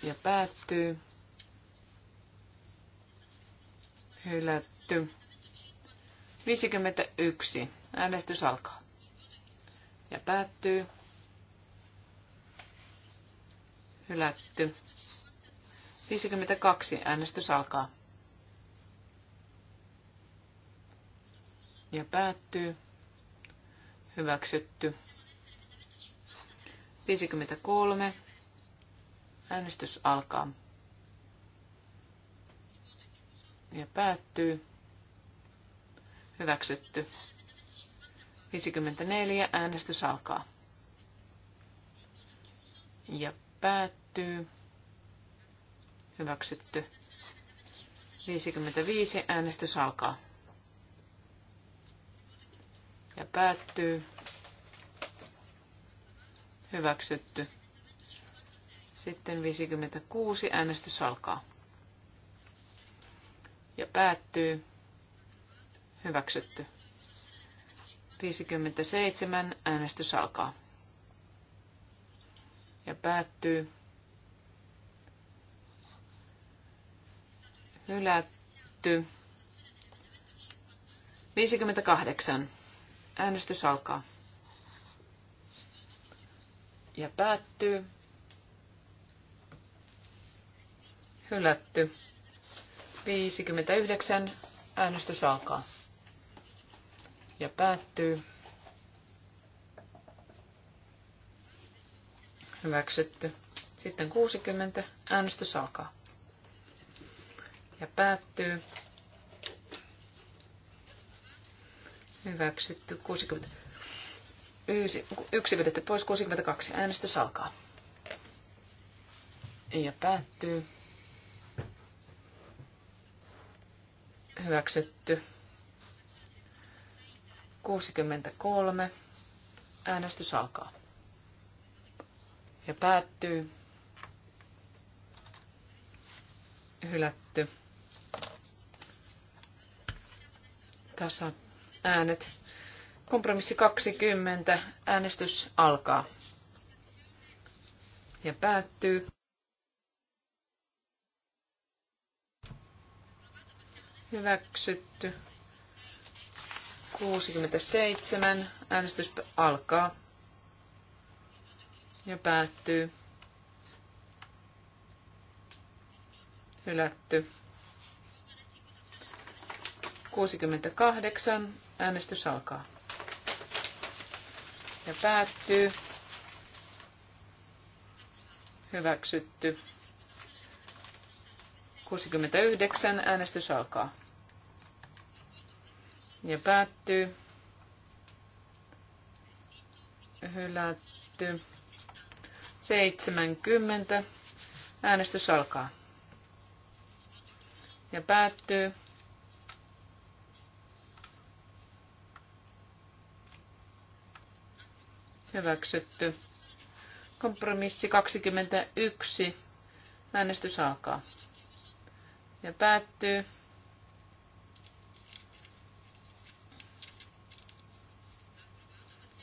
Ja päättyy. Hylätty. 51. Äänestys alkaa. Ja päättyy. Hylätty. 52. Äänestys alkaa. Ja päättyy. Hyväksytty. 53. Äänestys alkaa. Ja päättyy. Hyväksytty. 54. Äänestys alkaa. Ja päättyy hyväksyttyy. Hyväksytty. 55. Äänestys alkaa. Ja päättyy. Hyväksytty. Sitten 56. Äänestys alkaa. Ja päättyy. Hyväksytty. 57. Äänestys alkaa. Ja päättyy. Hylätty. 58. Äänestys alkaa. Ja päättyy. Hylätty. 59. Äänestys alkaa. Ja päättyy. Hyväksytty. Sitten 60. Äänestys alkaa ja päättyy. Hyväksytty 60. Yksi vedetty pois 62. Äänestys alkaa. Ja päättyy. Hyväksytty. 63. Äänestys alkaa. Ja päättyy. Hylätty. tasa äänet. Kompromissi 20. Äänestys alkaa. Ja päättyy. Hyväksytty. 67. Äänestys alkaa. Ja päättyy. Hylätty. 68. Äänestys alkaa. Ja päättyy. Hyväksytty. 69. Äänestys alkaa. Ja päättyy. Hylätty. 70. Äänestys alkaa. Ja päättyy. Hyväksytty. Kompromissi 21. Äänestys alkaa. Ja päättyy.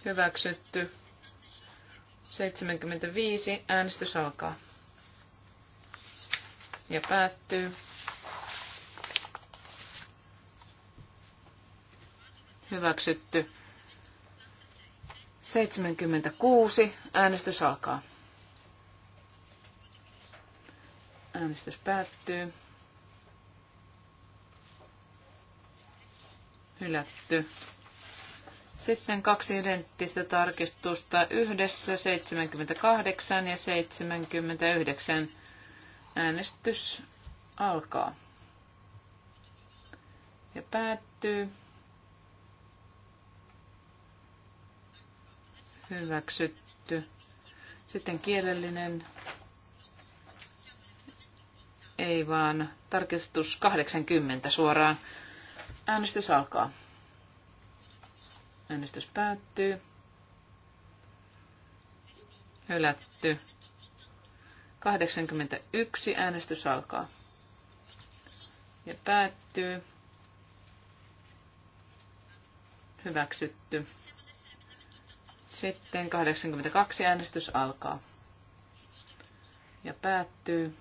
Hyväksytty. 75. Äänestys alkaa. Ja päättyy. Hyväksytty. 76. Äänestys alkaa. Äänestys päättyy. Hylätty. Sitten kaksi identtistä tarkistusta yhdessä 78 ja 79. Äänestys alkaa ja päättyy. hyväksytty. Sitten kielellinen, ei vaan tarkistus 80 suoraan. Äänestys alkaa. Äänestys päättyy. Hylätty. 81 äänestys alkaa. Ja päättyy. Hyväksytty. Sitten 82 äänestys alkaa ja päättyy.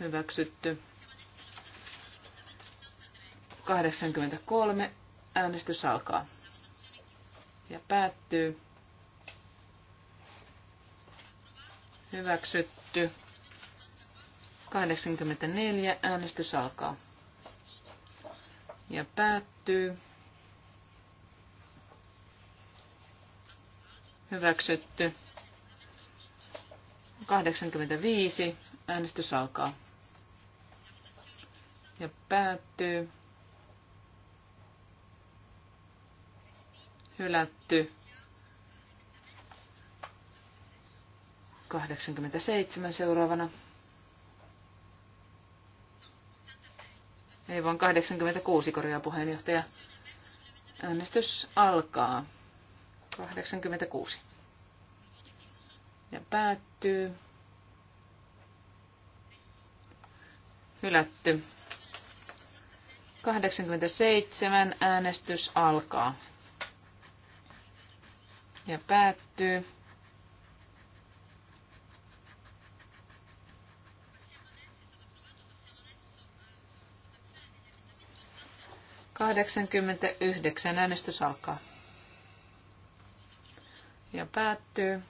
Hyväksytty. 83 äänestys alkaa ja päättyy. Hyväksytty. 84 äänestys alkaa ja päättyy. Hyväksytty. 85. Äänestys alkaa. Ja päättyy. Hylätty. 87 seuraavana. Ei vaan 86 korjaa puheenjohtaja. Äänestys alkaa. 86. Ja päättyy. Hylätty. 87 äänestys alkaa. Ja päättyy. Kahdeksankymmentäyhdeksän äänestys alkaa ja päättyy.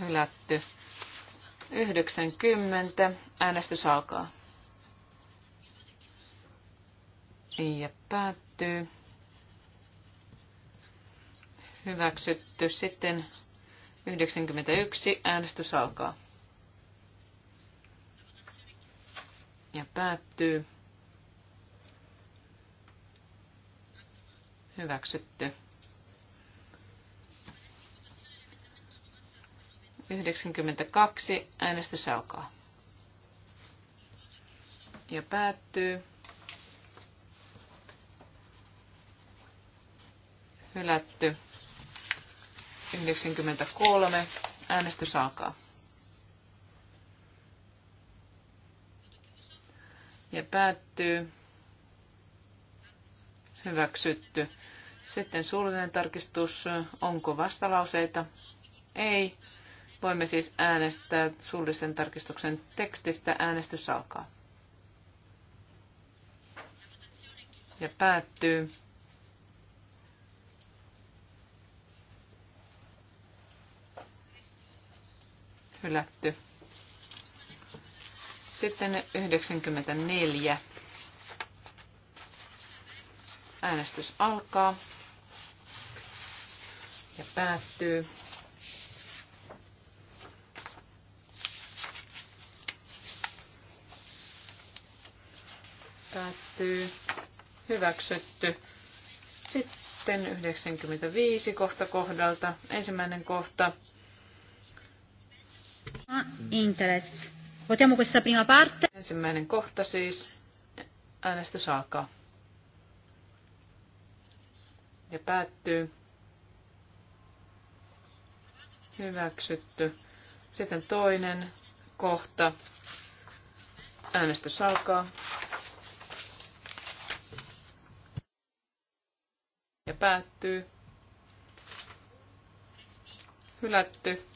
Hylätty. 90. Äänestys alkaa. Ja päättyy. Hyväksytty. Sitten 91. Äänestys alkaa. Ja päättyy. hyväksytty. 92. Äänestys alkaa. Ja päättyy. Hylätty. 93. Äänestys alkaa. Ja päättyy. Hyväksytty. Sitten suullinen tarkistus. Onko vastalauseita? Ei. Voimme siis äänestää suullisen tarkistuksen tekstistä. Äänestys alkaa. Ja päättyy. Hylätty. Sitten 94 Äänestys alkaa ja päättyy. Päättyy. Hyväksytty. Sitten 95 kohta kohdalta. Ensimmäinen kohta. Interest. Votiamo questa prima parte. Ensimmäinen kohta siis. Äänestys alkaa ja päättyy. Hyväksytty. Sitten toinen kohta. Äänestys alkaa. Ja päättyy. Hylätty.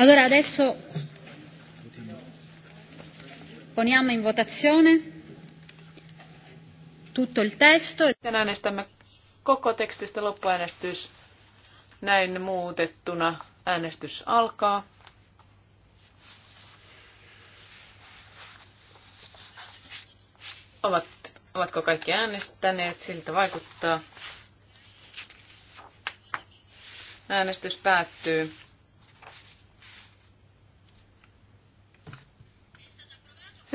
Allora adesso poniamo in votazione tutto il testo. Sitten äänestämme koko tekstistä loppuäänestys. Näin muutettuna äänestys alkaa. Ovat, ovatko kaikki äänestäneet? Siltä vaikuttaa. Äänestys päättyy.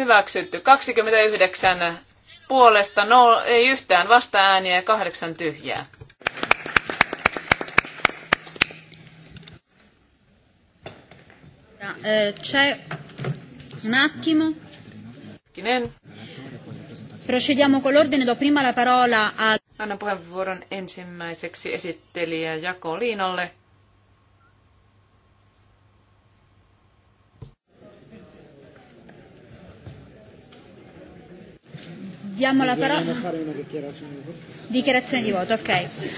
hyväksytty. 29 puolesta, no ei yhtään vasta-ääniä ja kahdeksan tyhjää. E, c'è un attimo. Procediamo con l'ordine, do prima la parola al... Annan puheenvuoron ensimmäiseksi esittelijä Jako Liinalle. Diamo la parola. Dichiarazione di voto, ok.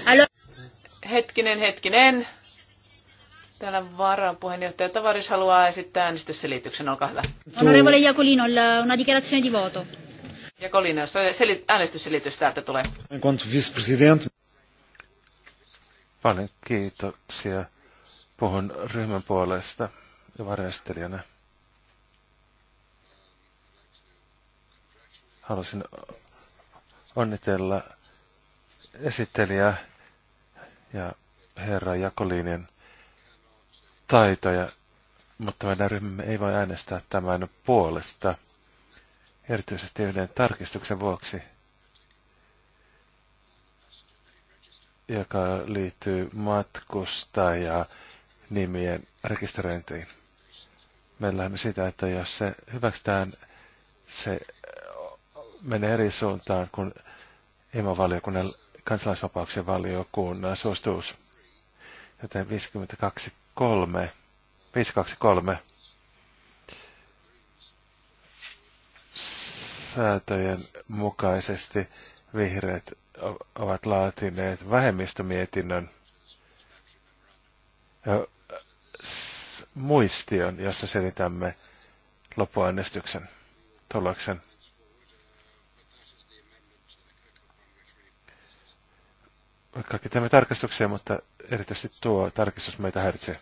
Allora... Hetkinen, hetkinen. Täällä varapuheenjohtaja Tavaris haluaa esittää äänestysselityksen, olkaa hyvä. Onorevole Jacolino, una dichiarazione di voto. Jacolino, äänestysselitys täältä tulee. Paljon kiitoksia. Puhun ryhmän puolesta ja varjastelijana. halusin onnitella esittelijä ja herra Jakolinen taitoja, mutta meidän ryhmämme ei voi äänestää tämän puolesta, erityisesti yhden tarkistuksen vuoksi, joka liittyy matkustaja nimien rekisteröintiin. Me lähdemme sitä, että jos se hyväksytään, se menee eri suuntaan kuin EMA-valiokunnan kansalaisvapauksien valiokunnan suostuus. Joten 523 sääntöjen mukaisesti vihreät ovat laatineet vähemmistömietinnön äh, muistion, jossa selitämme loppuäänestyksen tuloksen. Kaikki teemme tarkastuksia, mutta erityisesti tuo tarkistus meitä häiritsee.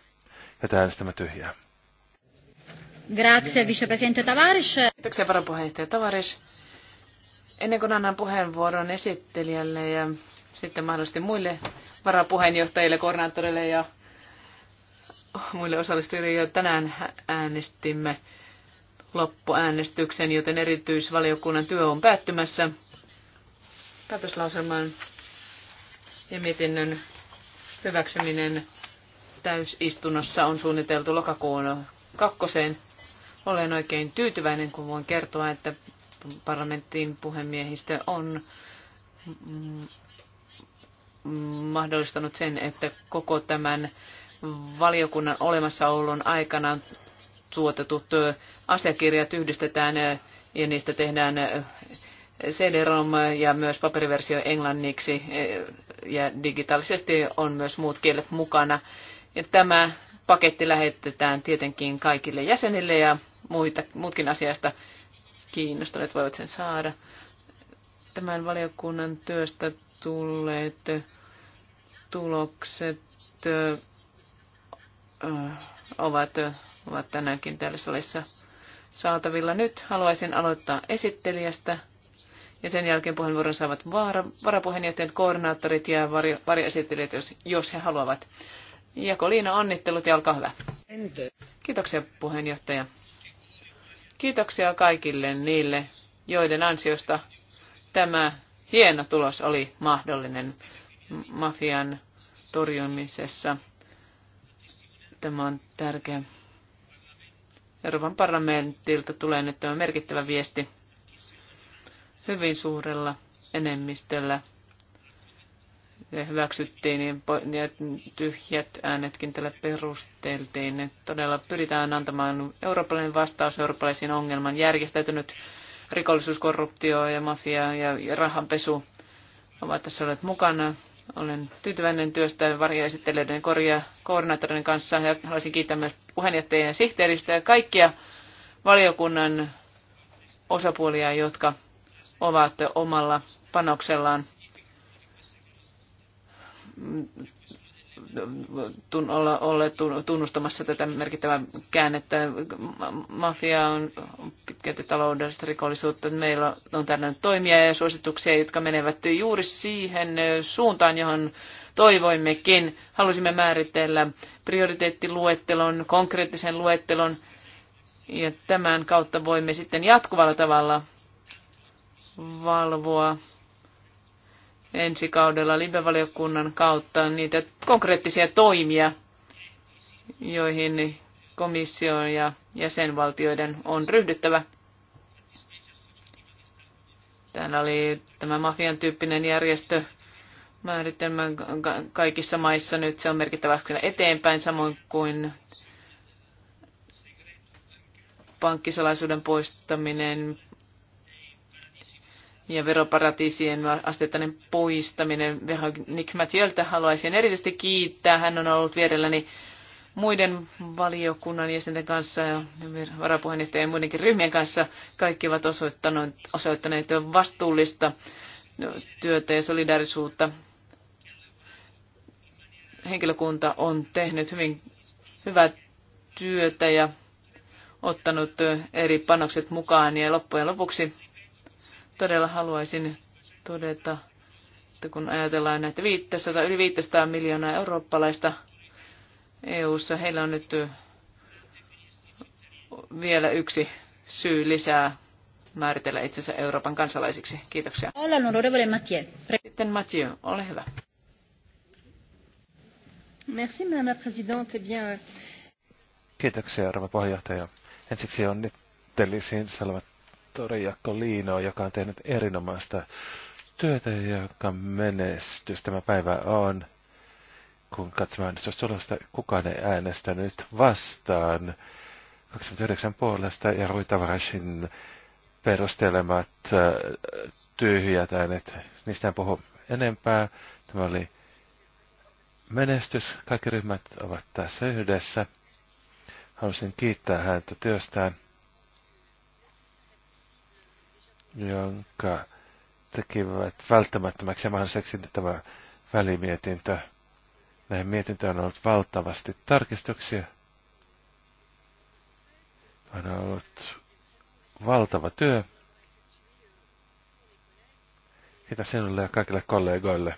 Ja äänestämme tyhjää. Grazie, vicepresidente Tavares. Kiitoksia, varapuheenjohtaja Tavares. Ennen kuin annan puheenvuoron esittelijälle ja sitten mahdollisesti muille varapuheenjohtajille, koordinaattoreille ja muille osallistujille jo tänään äänestimme loppuäänestyksen, joten erityisvaliokunnan työ on päättymässä. Päätöslauselman ja mietinnön hyväksyminen täysistunnossa on suunniteltu lokakuun kakkoseen. Olen oikein tyytyväinen, kun voin kertoa, että parlamenttiin puhemiehistö on mahdollistanut sen, että koko tämän valiokunnan olemassaolon aikana tuotetut asiakirjat yhdistetään ja niistä tehdään CD-ROM ja myös paperiversio englanniksi eh, ja digitaalisesti on myös muut kielet mukana. Ja tämä paketti lähetetään tietenkin kaikille jäsenille ja muita, muutkin asiasta kiinnostuneet voivat sen saada. Tämän valiokunnan työstä tulleet tulokset eh, ovat, ovat tänäänkin täällä salissa saatavilla. Nyt haluaisin aloittaa esittelijästä. Ja sen jälkeen puheenvuoron saavat vaara, varapuheenjohtajat, koordinaattorit ja varjoesittelijät, jos, jos he haluavat. Ja Koliina, onnittelut ja olkaa hyvä. Kiitoksia puheenjohtaja. Kiitoksia kaikille niille, joiden ansiosta tämä hieno tulos oli mahdollinen mafian torjumisessa. Tämä on tärkeä. Euroopan parlamentilta tulee nyt tämä merkittävä viesti hyvin suurella enemmistöllä se hyväksyttiin ja tyhjät äänetkin tällä perusteltiin. Todella pyritään antamaan eurooppalainen vastaus eurooppalaisiin ongelman järjestäytynyt rikollisuus, korruptio ja mafia ja rahanpesu ovat tässä olleet mukana. Olen tyytyväinen työstä varjoesittelijöiden korja koordinaattorin kanssa ja haluaisin kiittää myös puheenjohtajien sihteeristä ja kaikkia valiokunnan osapuolia, jotka ovat omalla panoksellaan olla, olleet tunnustamassa tätä merkittävää käännettä. Mafia on pitkälti taloudellista rikollisuutta. Meillä on tänne toimia ja suosituksia, jotka menevät juuri siihen suuntaan, johon toivoimmekin. Halusimme määritellä prioriteettiluettelon, konkreettisen luettelon, ja tämän kautta voimme sitten jatkuvalla tavalla valvoa ensi kaudella libevaliokunnan kautta niitä konkreettisia toimia, joihin komission ja jäsenvaltioiden on ryhdyttävä. Täällä oli tämä mafian tyyppinen järjestö määritelmä kaikissa maissa. Nyt se on merkittävästi eteenpäin, samoin kuin pankkisalaisuuden poistaminen, ja veroparatiisien asteittainen poistaminen. Nick Mathieltä haluaisin erityisesti kiittää. Hän on ollut vierelläni muiden valiokunnan jäsenten kanssa ja varapuheenjohtajien ja muidenkin ryhmien kanssa. Kaikki ovat osoittaneet, osoittaneet vastuullista työtä ja solidaarisuutta. Henkilökunta on tehnyt hyvin hyvää työtä ja ottanut eri panokset mukaan ja loppujen lopuksi Todella haluaisin todeta, että kun ajatellaan näitä 500, yli 500 miljoonaa eurooppalaista EU-ssa, heillä on nyt vielä yksi syy lisää määritellä itsensä Euroopan kansalaisiksi. Kiitoksia. Sitten Mathieu, ole hyvä. Merci, madame la présidente. Eh bien. Euh, Kiitoksia, rouva puheenjohtaja. Ensiksi onnittelisin Salvat Jakko Liino, joka on tehnyt erinomaista työtä, joka menestys tämä päivä on. Kun katsomme äänestystulosta, kukaan ei äänestänyt vastaan. 29 puolesta ja Tavarashin perustelemat äh, tyhjät äänet, niistä en puhu enempää. Tämä oli menestys. Kaikki ryhmät ovat tässä yhdessä. Haluaisin kiittää häntä työstään. jonka tekivät välttämättömäksi ja mahdolliseksi tämä välimietintö. Näihin mietintöön on ollut valtavasti tarkistuksia. On ollut valtava työ. Kiitos sinulle ja kaikille kollegoille.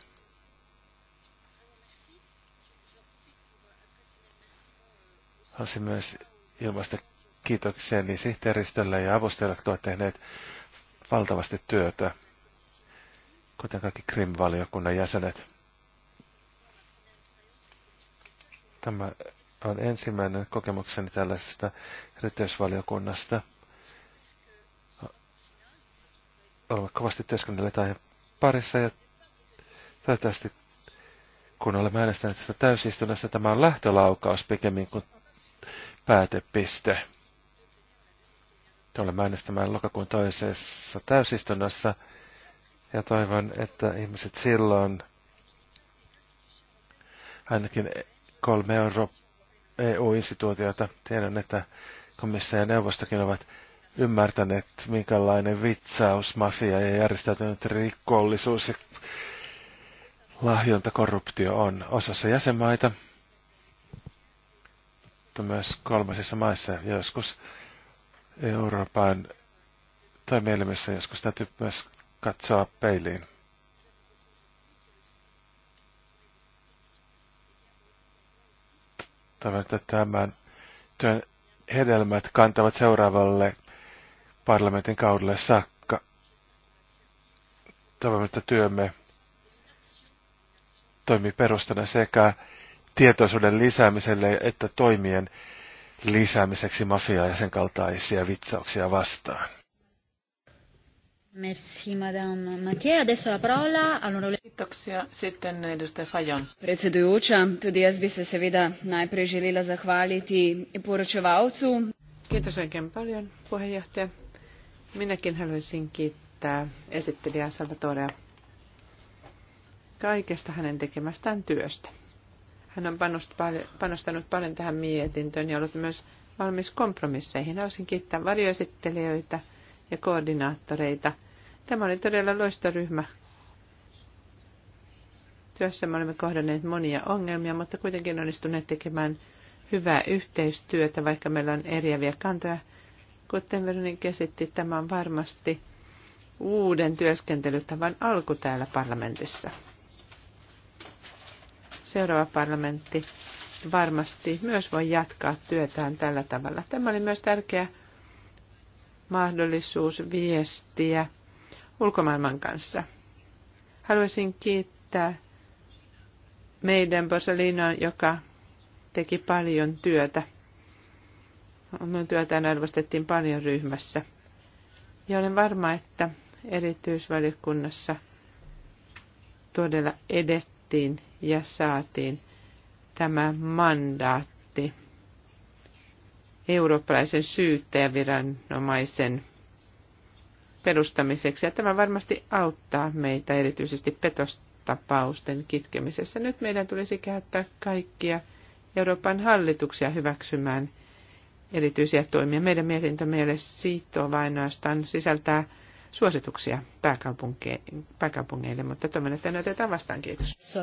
Haluaisin myös ilmaista kiitokseni sihteeristölle ja avustajille, jotka ovat tehneet valtavasti työtä, kuten kaikki Krim-valiokunnan jäsenet. Tämä on ensimmäinen kokemukseni tällaisesta erityisvaliokunnasta. Olemme kovasti työskennelleet aiheen parissa ja toivottavasti kun olemme äänestäneet tästä täysistunnossa, tämä on lähtölaukaus pikemmin kuin päätepiste tulemme äänestämään lokakuun toisessa täysistunnossa. Ja toivon, että ihmiset silloin ainakin kolme euro EU-instituutiota. Tiedän, että komissio ja neuvostokin ovat ymmärtäneet, minkälainen vitsaus, mafia ja järjestäytynyt rikollisuus ja lahjontakorruptio on osassa jäsenmaita, mutta myös kolmasissa maissa joskus Euroopan tai toimielimessä joskus täytyy myös katsoa peiliin. että tämän työn hedelmät kantavat seuraavalle parlamentin kaudelle saakka. Toivon, että työmme toimii perustana sekä tietoisuuden lisäämiselle että toimien lisäämiseksi mafiaa ja sen kaltaisia vitsauksia vastaan. Merci, madame Mattia. Adesso la parola all'onorevole... Kiitoksia. Sitten edustaja Fajon. Predsedujuča, tudi jaz bi se seveda najprej želela zahvaliti poročevalcu. Kiitos oikein paljon, puheenjohtaja. Minäkin haluaisin kiittää esittelijää Salvatorea kaikesta hänen tekemästään työstä. Hän on panostanut paljon tähän mietintöön ja ollut myös valmis kompromisseihin. Haluaisin kiittää varjoesittelijöitä ja koordinaattoreita. Tämä oli todella ryhmä. Työssä me olemme kohdanneet monia ongelmia, mutta kuitenkin onnistuneet tekemään hyvää yhteistyötä, vaikka meillä on eriäviä kantoja. Kuten Veronin käsitti, tämä on varmasti uuden työskentelytavan alku täällä parlamentissa seuraava parlamentti varmasti myös voi jatkaa työtään tällä tavalla. Tämä oli myös tärkeä mahdollisuus viestiä ulkomaailman kanssa. Haluaisin kiittää meidän Borsalinoa, joka teki paljon työtä. Minun työtään arvostettiin paljon ryhmässä. Ja olen varma, että erityisvaliokunnassa todella edettiin valittiin ja saatiin tämä mandaatti eurooppalaisen syyttäjäviranomaisen perustamiseksi. Ja tämä varmasti auttaa meitä erityisesti petostapausten kitkemisessä. Nyt meidän tulisi käyttää kaikkia Euroopan hallituksia hyväksymään erityisiä toimia. Meidän mietintömme ei ole sitova ainoastaan sisältää suosituksia pääkaupungeille, mutta toivon, että ne otetaan vastaan. Kiitos.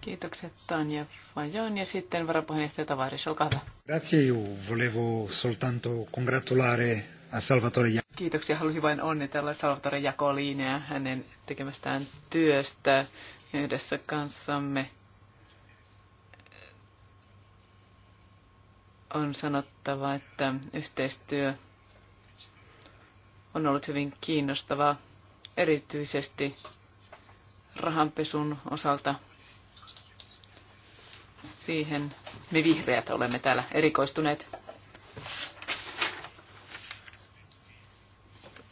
Kiitokset Tanja Fajon ja sitten varapuheenjohtaja Tavaris, olkaa hyvä. Grazie, io volevo soltanto congratulare a Salvatore Kiitoksia, halusin vain onnitella Salvatore Jakolinea hänen tekemästään työstä yhdessä kanssamme. On sanottava, että yhteistyö on ollut hyvin kiinnostavaa, erityisesti rahanpesun osalta. Siihen me vihreät olemme täällä erikoistuneet.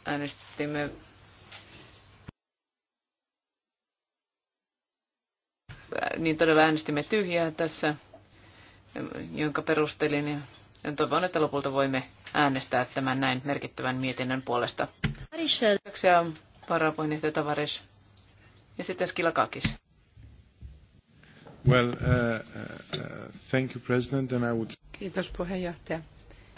Äänestimme niin todella äänestimme tyhjää tässä, jonka perustelin. Ja toivon, että lopulta voimme äänestää tämän näin merkittävän mietinnön puolesta. Kiitoksia ja tavaris. Ja sitten Skilakakis. Well, uh, uh, thank you, President, and I would... Kiitos puheenjohtaja.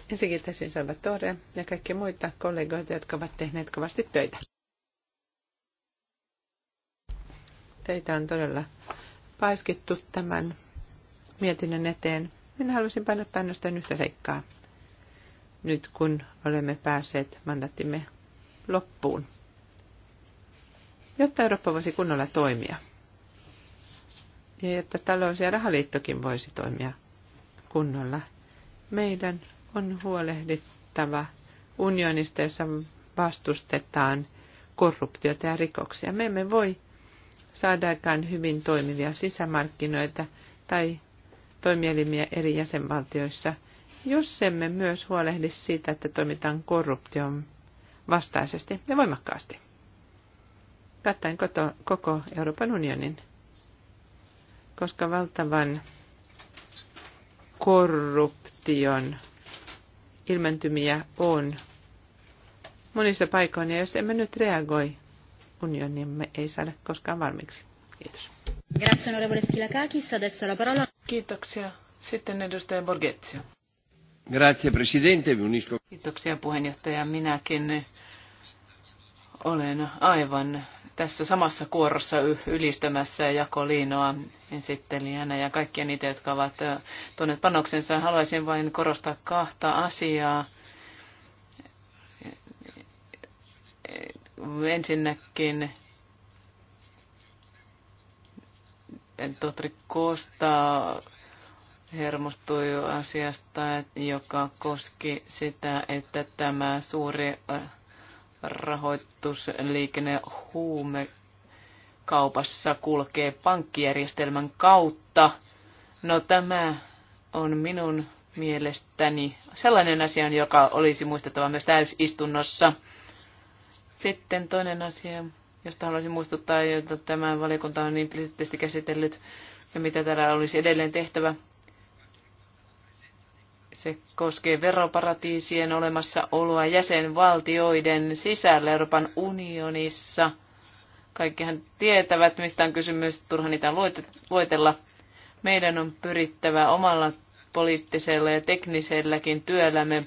Ensin kiittäisin Salvatore ja kaikki muita kollegoita, jotka ovat tehneet kovasti töitä. Teitä on todella paiskittu tämän mietinnön eteen. Minä haluaisin painottaa ainoastaan yhtä seikkaa – nyt kun olemme päässeet mandattimme loppuun, jotta Eurooppa voisi kunnolla toimia. Ja jotta talous- ja rahaliittokin voisi toimia kunnolla, meidän on huolehdittava unionista, jossa vastustetaan korruptiota ja rikoksia. Me emme voi saada aikaan hyvin toimivia sisämarkkinoita tai toimielimiä eri jäsenvaltioissa – jos emme myös huolehdi siitä, että toimitaan korruption vastaisesti ja voimakkaasti, Kattain koto, koko Euroopan unionin, koska valtavan korruption ilmentymiä on monissa paikoissa, ja jos emme nyt reagoi, me ei saada koskaan valmiiksi. Kiitos. la parola. Kiitoksia. Sitten edustaja Borgetsia. Grazie, presidente. Kiitoksia puheenjohtaja. Minäkin olen aivan tässä samassa kuorossa ylistämässä Jakoliinoa esittelijänä ja kaikkia niitä, jotka ovat tuoneet panoksensa. Haluaisin vain korostaa kahta asiaa. Ensinnäkin tohtori Kosta hermostui asiasta, joka koski sitä, että tämä suuri äh, rahoitusliikenne huume kaupassa kulkee pankkijärjestelmän kautta. No tämä on minun mielestäni sellainen asia, joka olisi muistettava myös täysistunnossa. Sitten toinen asia, josta haluaisin muistuttaa, jota tämä valiokunta on implisiittisesti käsitellyt ja mitä täällä olisi edelleen tehtävä, se koskee veroparatiisien olemassaoloa jäsenvaltioiden sisällä Euroopan unionissa. Kaikkihan tietävät, mistä on kysymys, turha niitä luetella. Meidän on pyrittävä omalla poliittisella ja tekniselläkin työllämme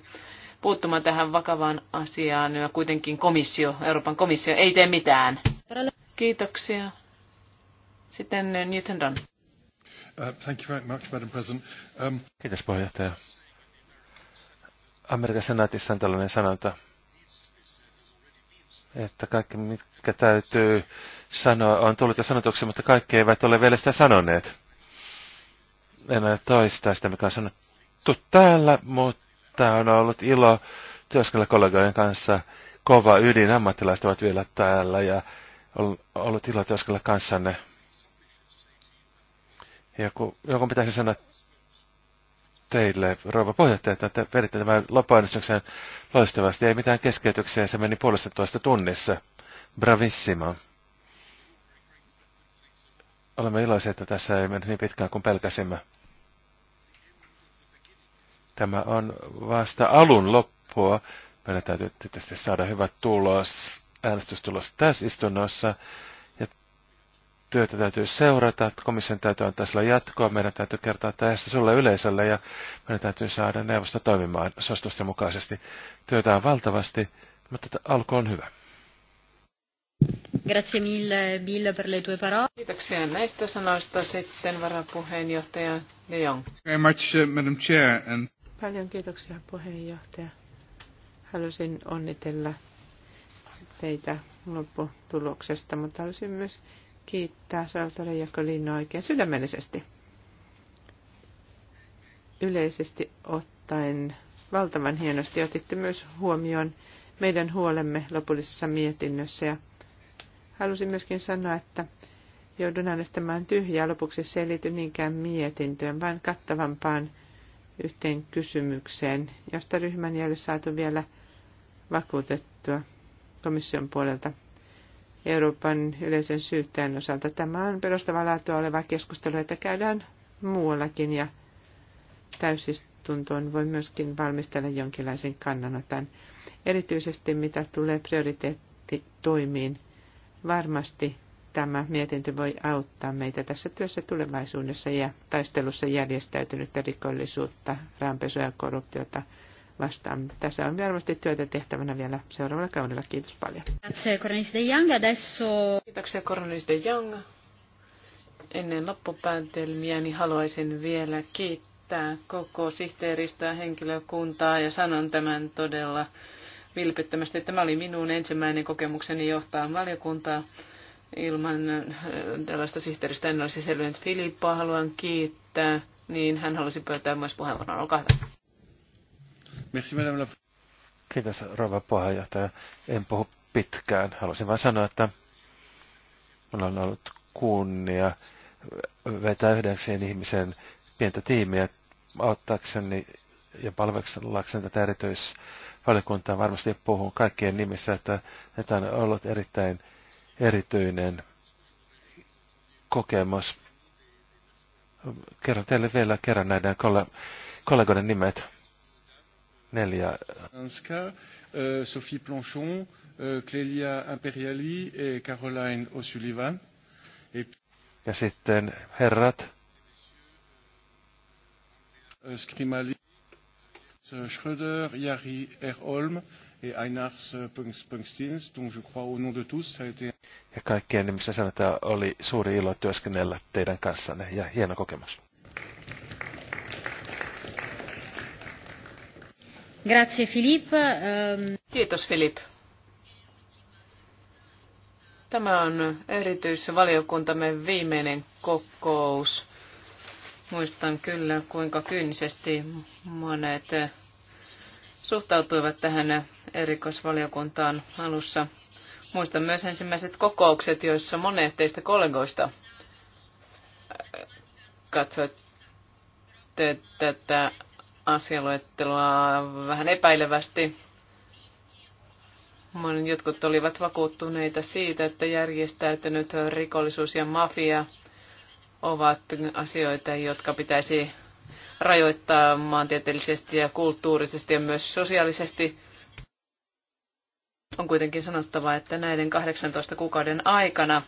puuttumaan tähän vakavaan asiaan, ja kuitenkin komissio, Euroopan komissio ei tee mitään. Kiitoksia. Sitten Newton Dunn. Uh, thank you very much, Madam President. Um... Kiitos puheenjohtaja. Amerikan senaatissa on tällainen sanonta, että kaikki, mitkä täytyy sanoa, on tullut jo sanotuksi, mutta kaikki eivät ole vielä sitä sanoneet. En ole toistaa sitä, mikä on sanottu täällä, mutta on ollut ilo työskennellä kollegojen kanssa. Kova ydin ammattilaiset ovat vielä täällä ja on ollut ilo työskennellä kanssanne. Joku, joku pitäisi sanoa teille, rouva puheenjohtaja, että veditte tämän loppuäänestyksen loistavasti. Ei mitään keskeytyksiä, se meni puolesta toista tunnissa. Bravissima. Olemme iloisia, että tässä ei mennyt niin pitkään kuin pelkäsimme. Tämä on vasta alun loppua. Meidän täytyy tietysti saada hyvä tulos, äänestystulos tässä istunnossa työtä täytyy seurata, komission täytyy antaa sillä jatkoa, meidän täytyy kertoa tästä sulle yleisölle ja meidän täytyy saada neuvosto toimimaan suositusten mukaisesti. Työtä on valtavasti, mutta alku on hyvä. Grazie mille, Bill, per le tue parole. Kiitoksia näistä sanoista sitten varapuheenjohtaja De Jong. Very much, uh, Madam Chair. And... Paljon kiitoksia puheenjohtaja. Halusin onnitella teitä lopputuloksesta, mutta haluaisin myös kiittää ja Jakolino oikein sydämellisesti. Yleisesti ottaen valtavan hienosti otitte myös huomioon meidän huolemme lopullisessa mietinnössä. Ja halusin myöskin sanoa, että joudun äänestämään tyhjää. Lopuksi se ei liity niinkään mietintöön, vaan kattavampaan yhteen kysymykseen, josta ryhmän ei ole saatu vielä vakuutettua komission puolelta Euroopan yleisen syyttäjän osalta. Tämä on perustava laatua oleva keskustelu, että käydään muuallakin ja täysistuntoon voi myöskin valmistella jonkinlaisen kannanotan. Erityisesti mitä tulee prioriteettitoimiin, varmasti tämä mietintö voi auttaa meitä tässä työssä tulevaisuudessa ja taistelussa järjestäytynyttä rikollisuutta, rahanpesua ja korruptiota vastaan. Tässä on varmasti työtä tehtävänä vielä seuraavalla kaudella. Kiitos paljon. Kiitoksia Cornelis de Young. Ennen loppupäätelmiä niin haluaisin vielä kiittää koko sihteeristöä, henkilökuntaa ja sanon tämän todella vilpittömästi. Tämä oli minun ensimmäinen kokemukseni johtaa valiokuntaa ilman äh, tällaista sihteeristä en olisi selvinnyt Filippaa. Haluan kiittää, niin hän halusi pyytää myös puheenvuoron. Olkaa hyvä. Kiitos, rouva puheenjohtaja. En puhu pitkään. Haluaisin vain sanoa, että minulla on ollut kunnia vetää yhdeksän ihmisen pientä tiimiä auttaakseni ja palveksellakseni tätä erityisvaliokuntaa. Varmasti puhun kaikkien nimissä, että tämä on ollut erittäin erityinen kokemus. Kerron teille vielä kerran näiden kollegoiden nimet. Neljä. Ranska, Sophie Planchon, Clelia Imperiali ja e Caroline O'Sullivan. Ja sitten herrat. Skrimali, Schröder, Jari Erholm ja e Einars Pungstins, dont je crois au nom de tous, ça a été... Ja kaikkien nimissä sanotaan, oli suuri ilo työskennellä teidän kanssanne ja hieno kokemus. Grazie Filip. Ehm, Kiitos Filip. Tämä on erityisvaliokuntamme viimeinen kokous. Muistan kyllä, kuinka kyynisesti monet suhtautuivat tähän erikoisvaliokuntaan alussa. Muistan myös ensimmäiset kokoukset, joissa monet teistä kollegoista äh, katsoitte tätä asialuettelua vähän epäilevästi. Jotkut olivat vakuuttuneita siitä, että järjestäytynyt rikollisuus ja mafia ovat asioita, jotka pitäisi rajoittaa maantieteellisesti ja kulttuurisesti ja myös sosiaalisesti. On kuitenkin sanottava, että näiden 18 kuukauden aikana,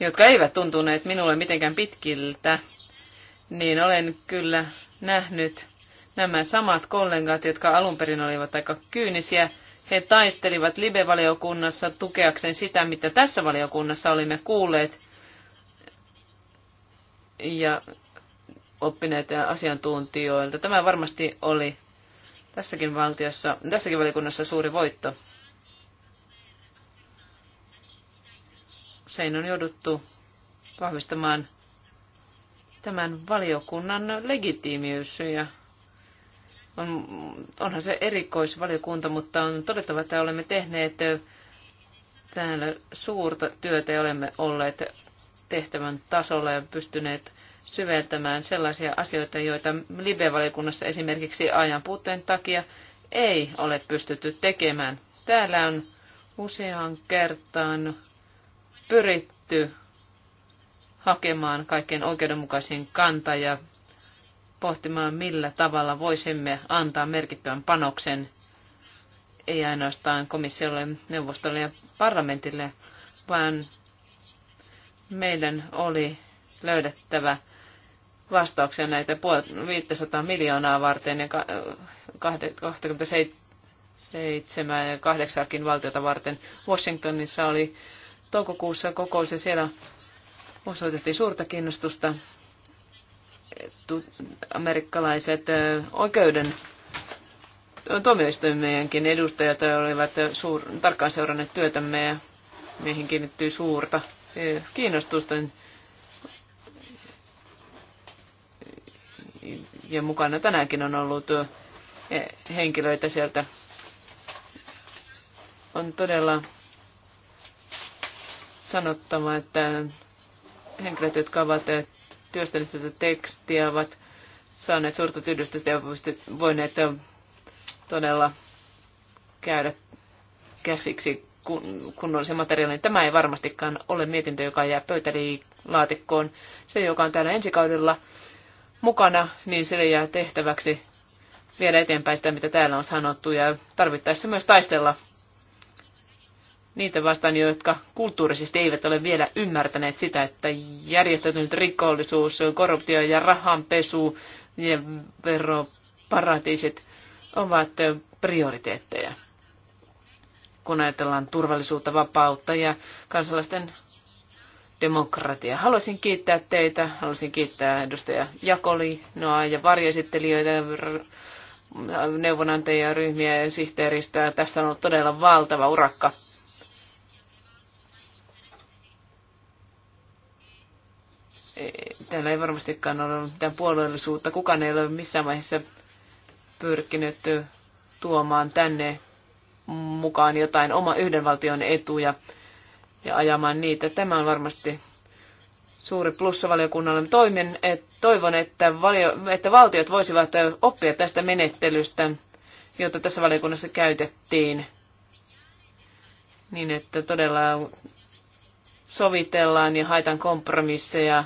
jotka eivät tuntuneet minulle mitenkään pitkiltä, niin olen kyllä nähnyt nämä samat kollegat, jotka alun perin olivat aika kyynisiä, he taistelivat libe valiokunnassa tukeakseen sitä, mitä tässä valiokunnassa olimme kuulleet ja oppineet asiantuntijoilta. Tämä varmasti oli tässäkin, valtiossa, tässäkin valiokunnassa suuri voitto. Sein on jouduttu vahvistamaan tämän valiokunnan legitiimiys ja on, onhan se erikoisvaliokunta, mutta on todettava, että olemme tehneet täällä suurta työtä ja olemme olleet tehtävän tasolla ja pystyneet syveltämään sellaisia asioita, joita Libe-valiokunnassa esimerkiksi ajan puutteen takia ei ole pystytty tekemään. Täällä on useaan kertaan pyritty hakemaan kaikkein oikeudenmukaisin kanta ja pohtimaan, millä tavalla voisimme antaa merkittävän panoksen ei ainoastaan komissiolle, neuvostolle ja parlamentille, vaan meidän oli löydettävä vastauksia näitä 500 miljoonaa varten ja 27 ja 8 valtiota varten. Washingtonissa oli toukokuussa kokous ja siellä osoitettiin suurta kiinnostusta amerikkalaiset oikeuden tuomioistuimienkin edustajat olivat suur, tarkkaan seuranneet työtämme ja meihin kiinnittyy suurta kiinnostusta. Ja mukana tänäänkin on ollut henkilöitä sieltä. On todella sanottava, että henkilöt, jotka ovat työstäneet tätä tekstiä, ovat saaneet suurta tyydystä ja voineet todella käydä käsiksi kunnollisen materiaalin. Tämä ei varmastikaan ole mietintö, joka jää pöytälaatikkoon. Se, joka on täällä ensi kaudella mukana, niin sille jää tehtäväksi viedä eteenpäin sitä, mitä täällä on sanottu ja tarvittaessa myös taistella niitä vastaan, jotka kulttuurisesti eivät ole vielä ymmärtäneet sitä, että järjestäytynyt rikollisuus, korruptio ja rahanpesu ja veroparatiisit ovat prioriteetteja, kun ajatellaan turvallisuutta, vapautta ja kansalaisten demokratiaa. Haluaisin kiittää teitä, haluaisin kiittää edustaja Noa ja varjoesittelijöitä, neuvonantajia, ryhmiä ja sihteeristöä. Tässä on ollut todella valtava urakka täällä ei varmastikaan ole mitään puolueellisuutta. Kukaan ei ole missään vaiheessa pyrkinyt tuomaan tänne mukaan jotain oma yhden valtion etuja ja ajamaan niitä. Tämä on varmasti suuri plussa valiokunnalle. Toimin, et, toivon, että, valio, että valtiot voisivat oppia tästä menettelystä, jota tässä valiokunnassa käytettiin, niin että todella sovitellaan ja haetaan kompromisseja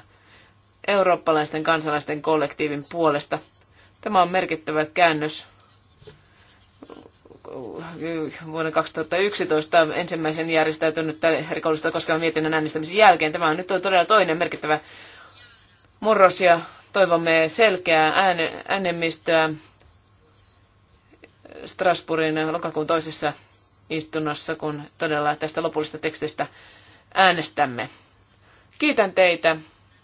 eurooppalaisten kansalaisten kollektiivin puolesta. Tämä on merkittävä käännös vuonna 2011 ensimmäisen järjestäytynyt rikollista koskevan mietinnön äänestämisen jälkeen. Tämä on nyt on todella toinen merkittävä murros ja toivomme selkeää äänemmistöä Strasbourgin lokakuun toisessa istunnossa, kun todella tästä lopullisesta tekstistä äänestämme. Kiitän teitä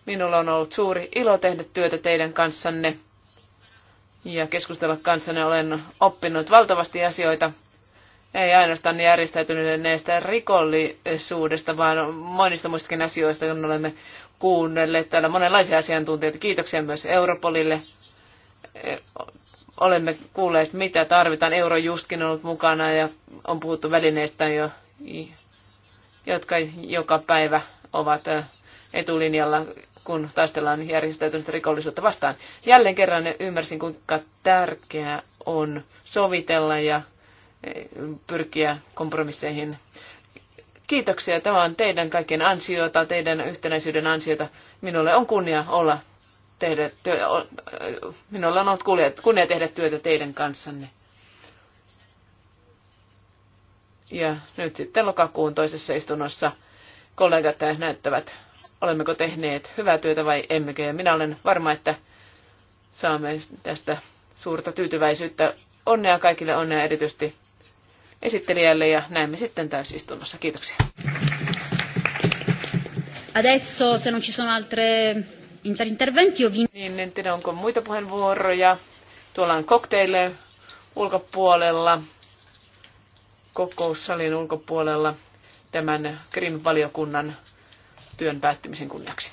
Minulla on ollut suuri ilo tehdä työtä teidän kanssanne ja keskustella kanssanne. Olen oppinut valtavasti asioita, ei ainoastaan järjestäytyneestä rikollisuudesta, vaan monista muistakin asioista, kun olemme kuunnelleet täällä monenlaisia asiantuntijoita. Kiitoksia myös Europolille. Olemme kuulleet, mitä tarvitaan. justkin on ollut mukana ja on puhuttu välineistä, jo, jotka joka päivä ovat etulinjalla kun taistellaan järjestäytynyt rikollisuutta vastaan. Jälleen kerran ymmärsin, kuinka tärkeää on sovitella ja e, pyrkiä kompromisseihin. Kiitoksia. Tämä on teidän kaikkien ansiota, teidän yhtenäisyyden ansiota. Minulle on kunnia olla tehdä, työ, minulla on ollut kunnia tehdä työtä teidän kanssanne. Ja nyt sitten lokakuun toisessa istunnossa kollegat näyttävät olemmeko tehneet hyvää työtä vai emmekö. Ja minä olen varma, että saamme tästä suurta tyytyväisyyttä. Onnea kaikille, onnea erityisesti esittelijälle ja näemme sitten täysistunnossa. Kiitoksia. Adesso, se non ci sono altre interventi, io vi... Niin, en tiedä, onko muita puheenvuoroja. Tuolla on kokteille ulkopuolella, kokoussalin ulkopuolella tämän Krim-valiokunnan työn päättymisen kunniaksi.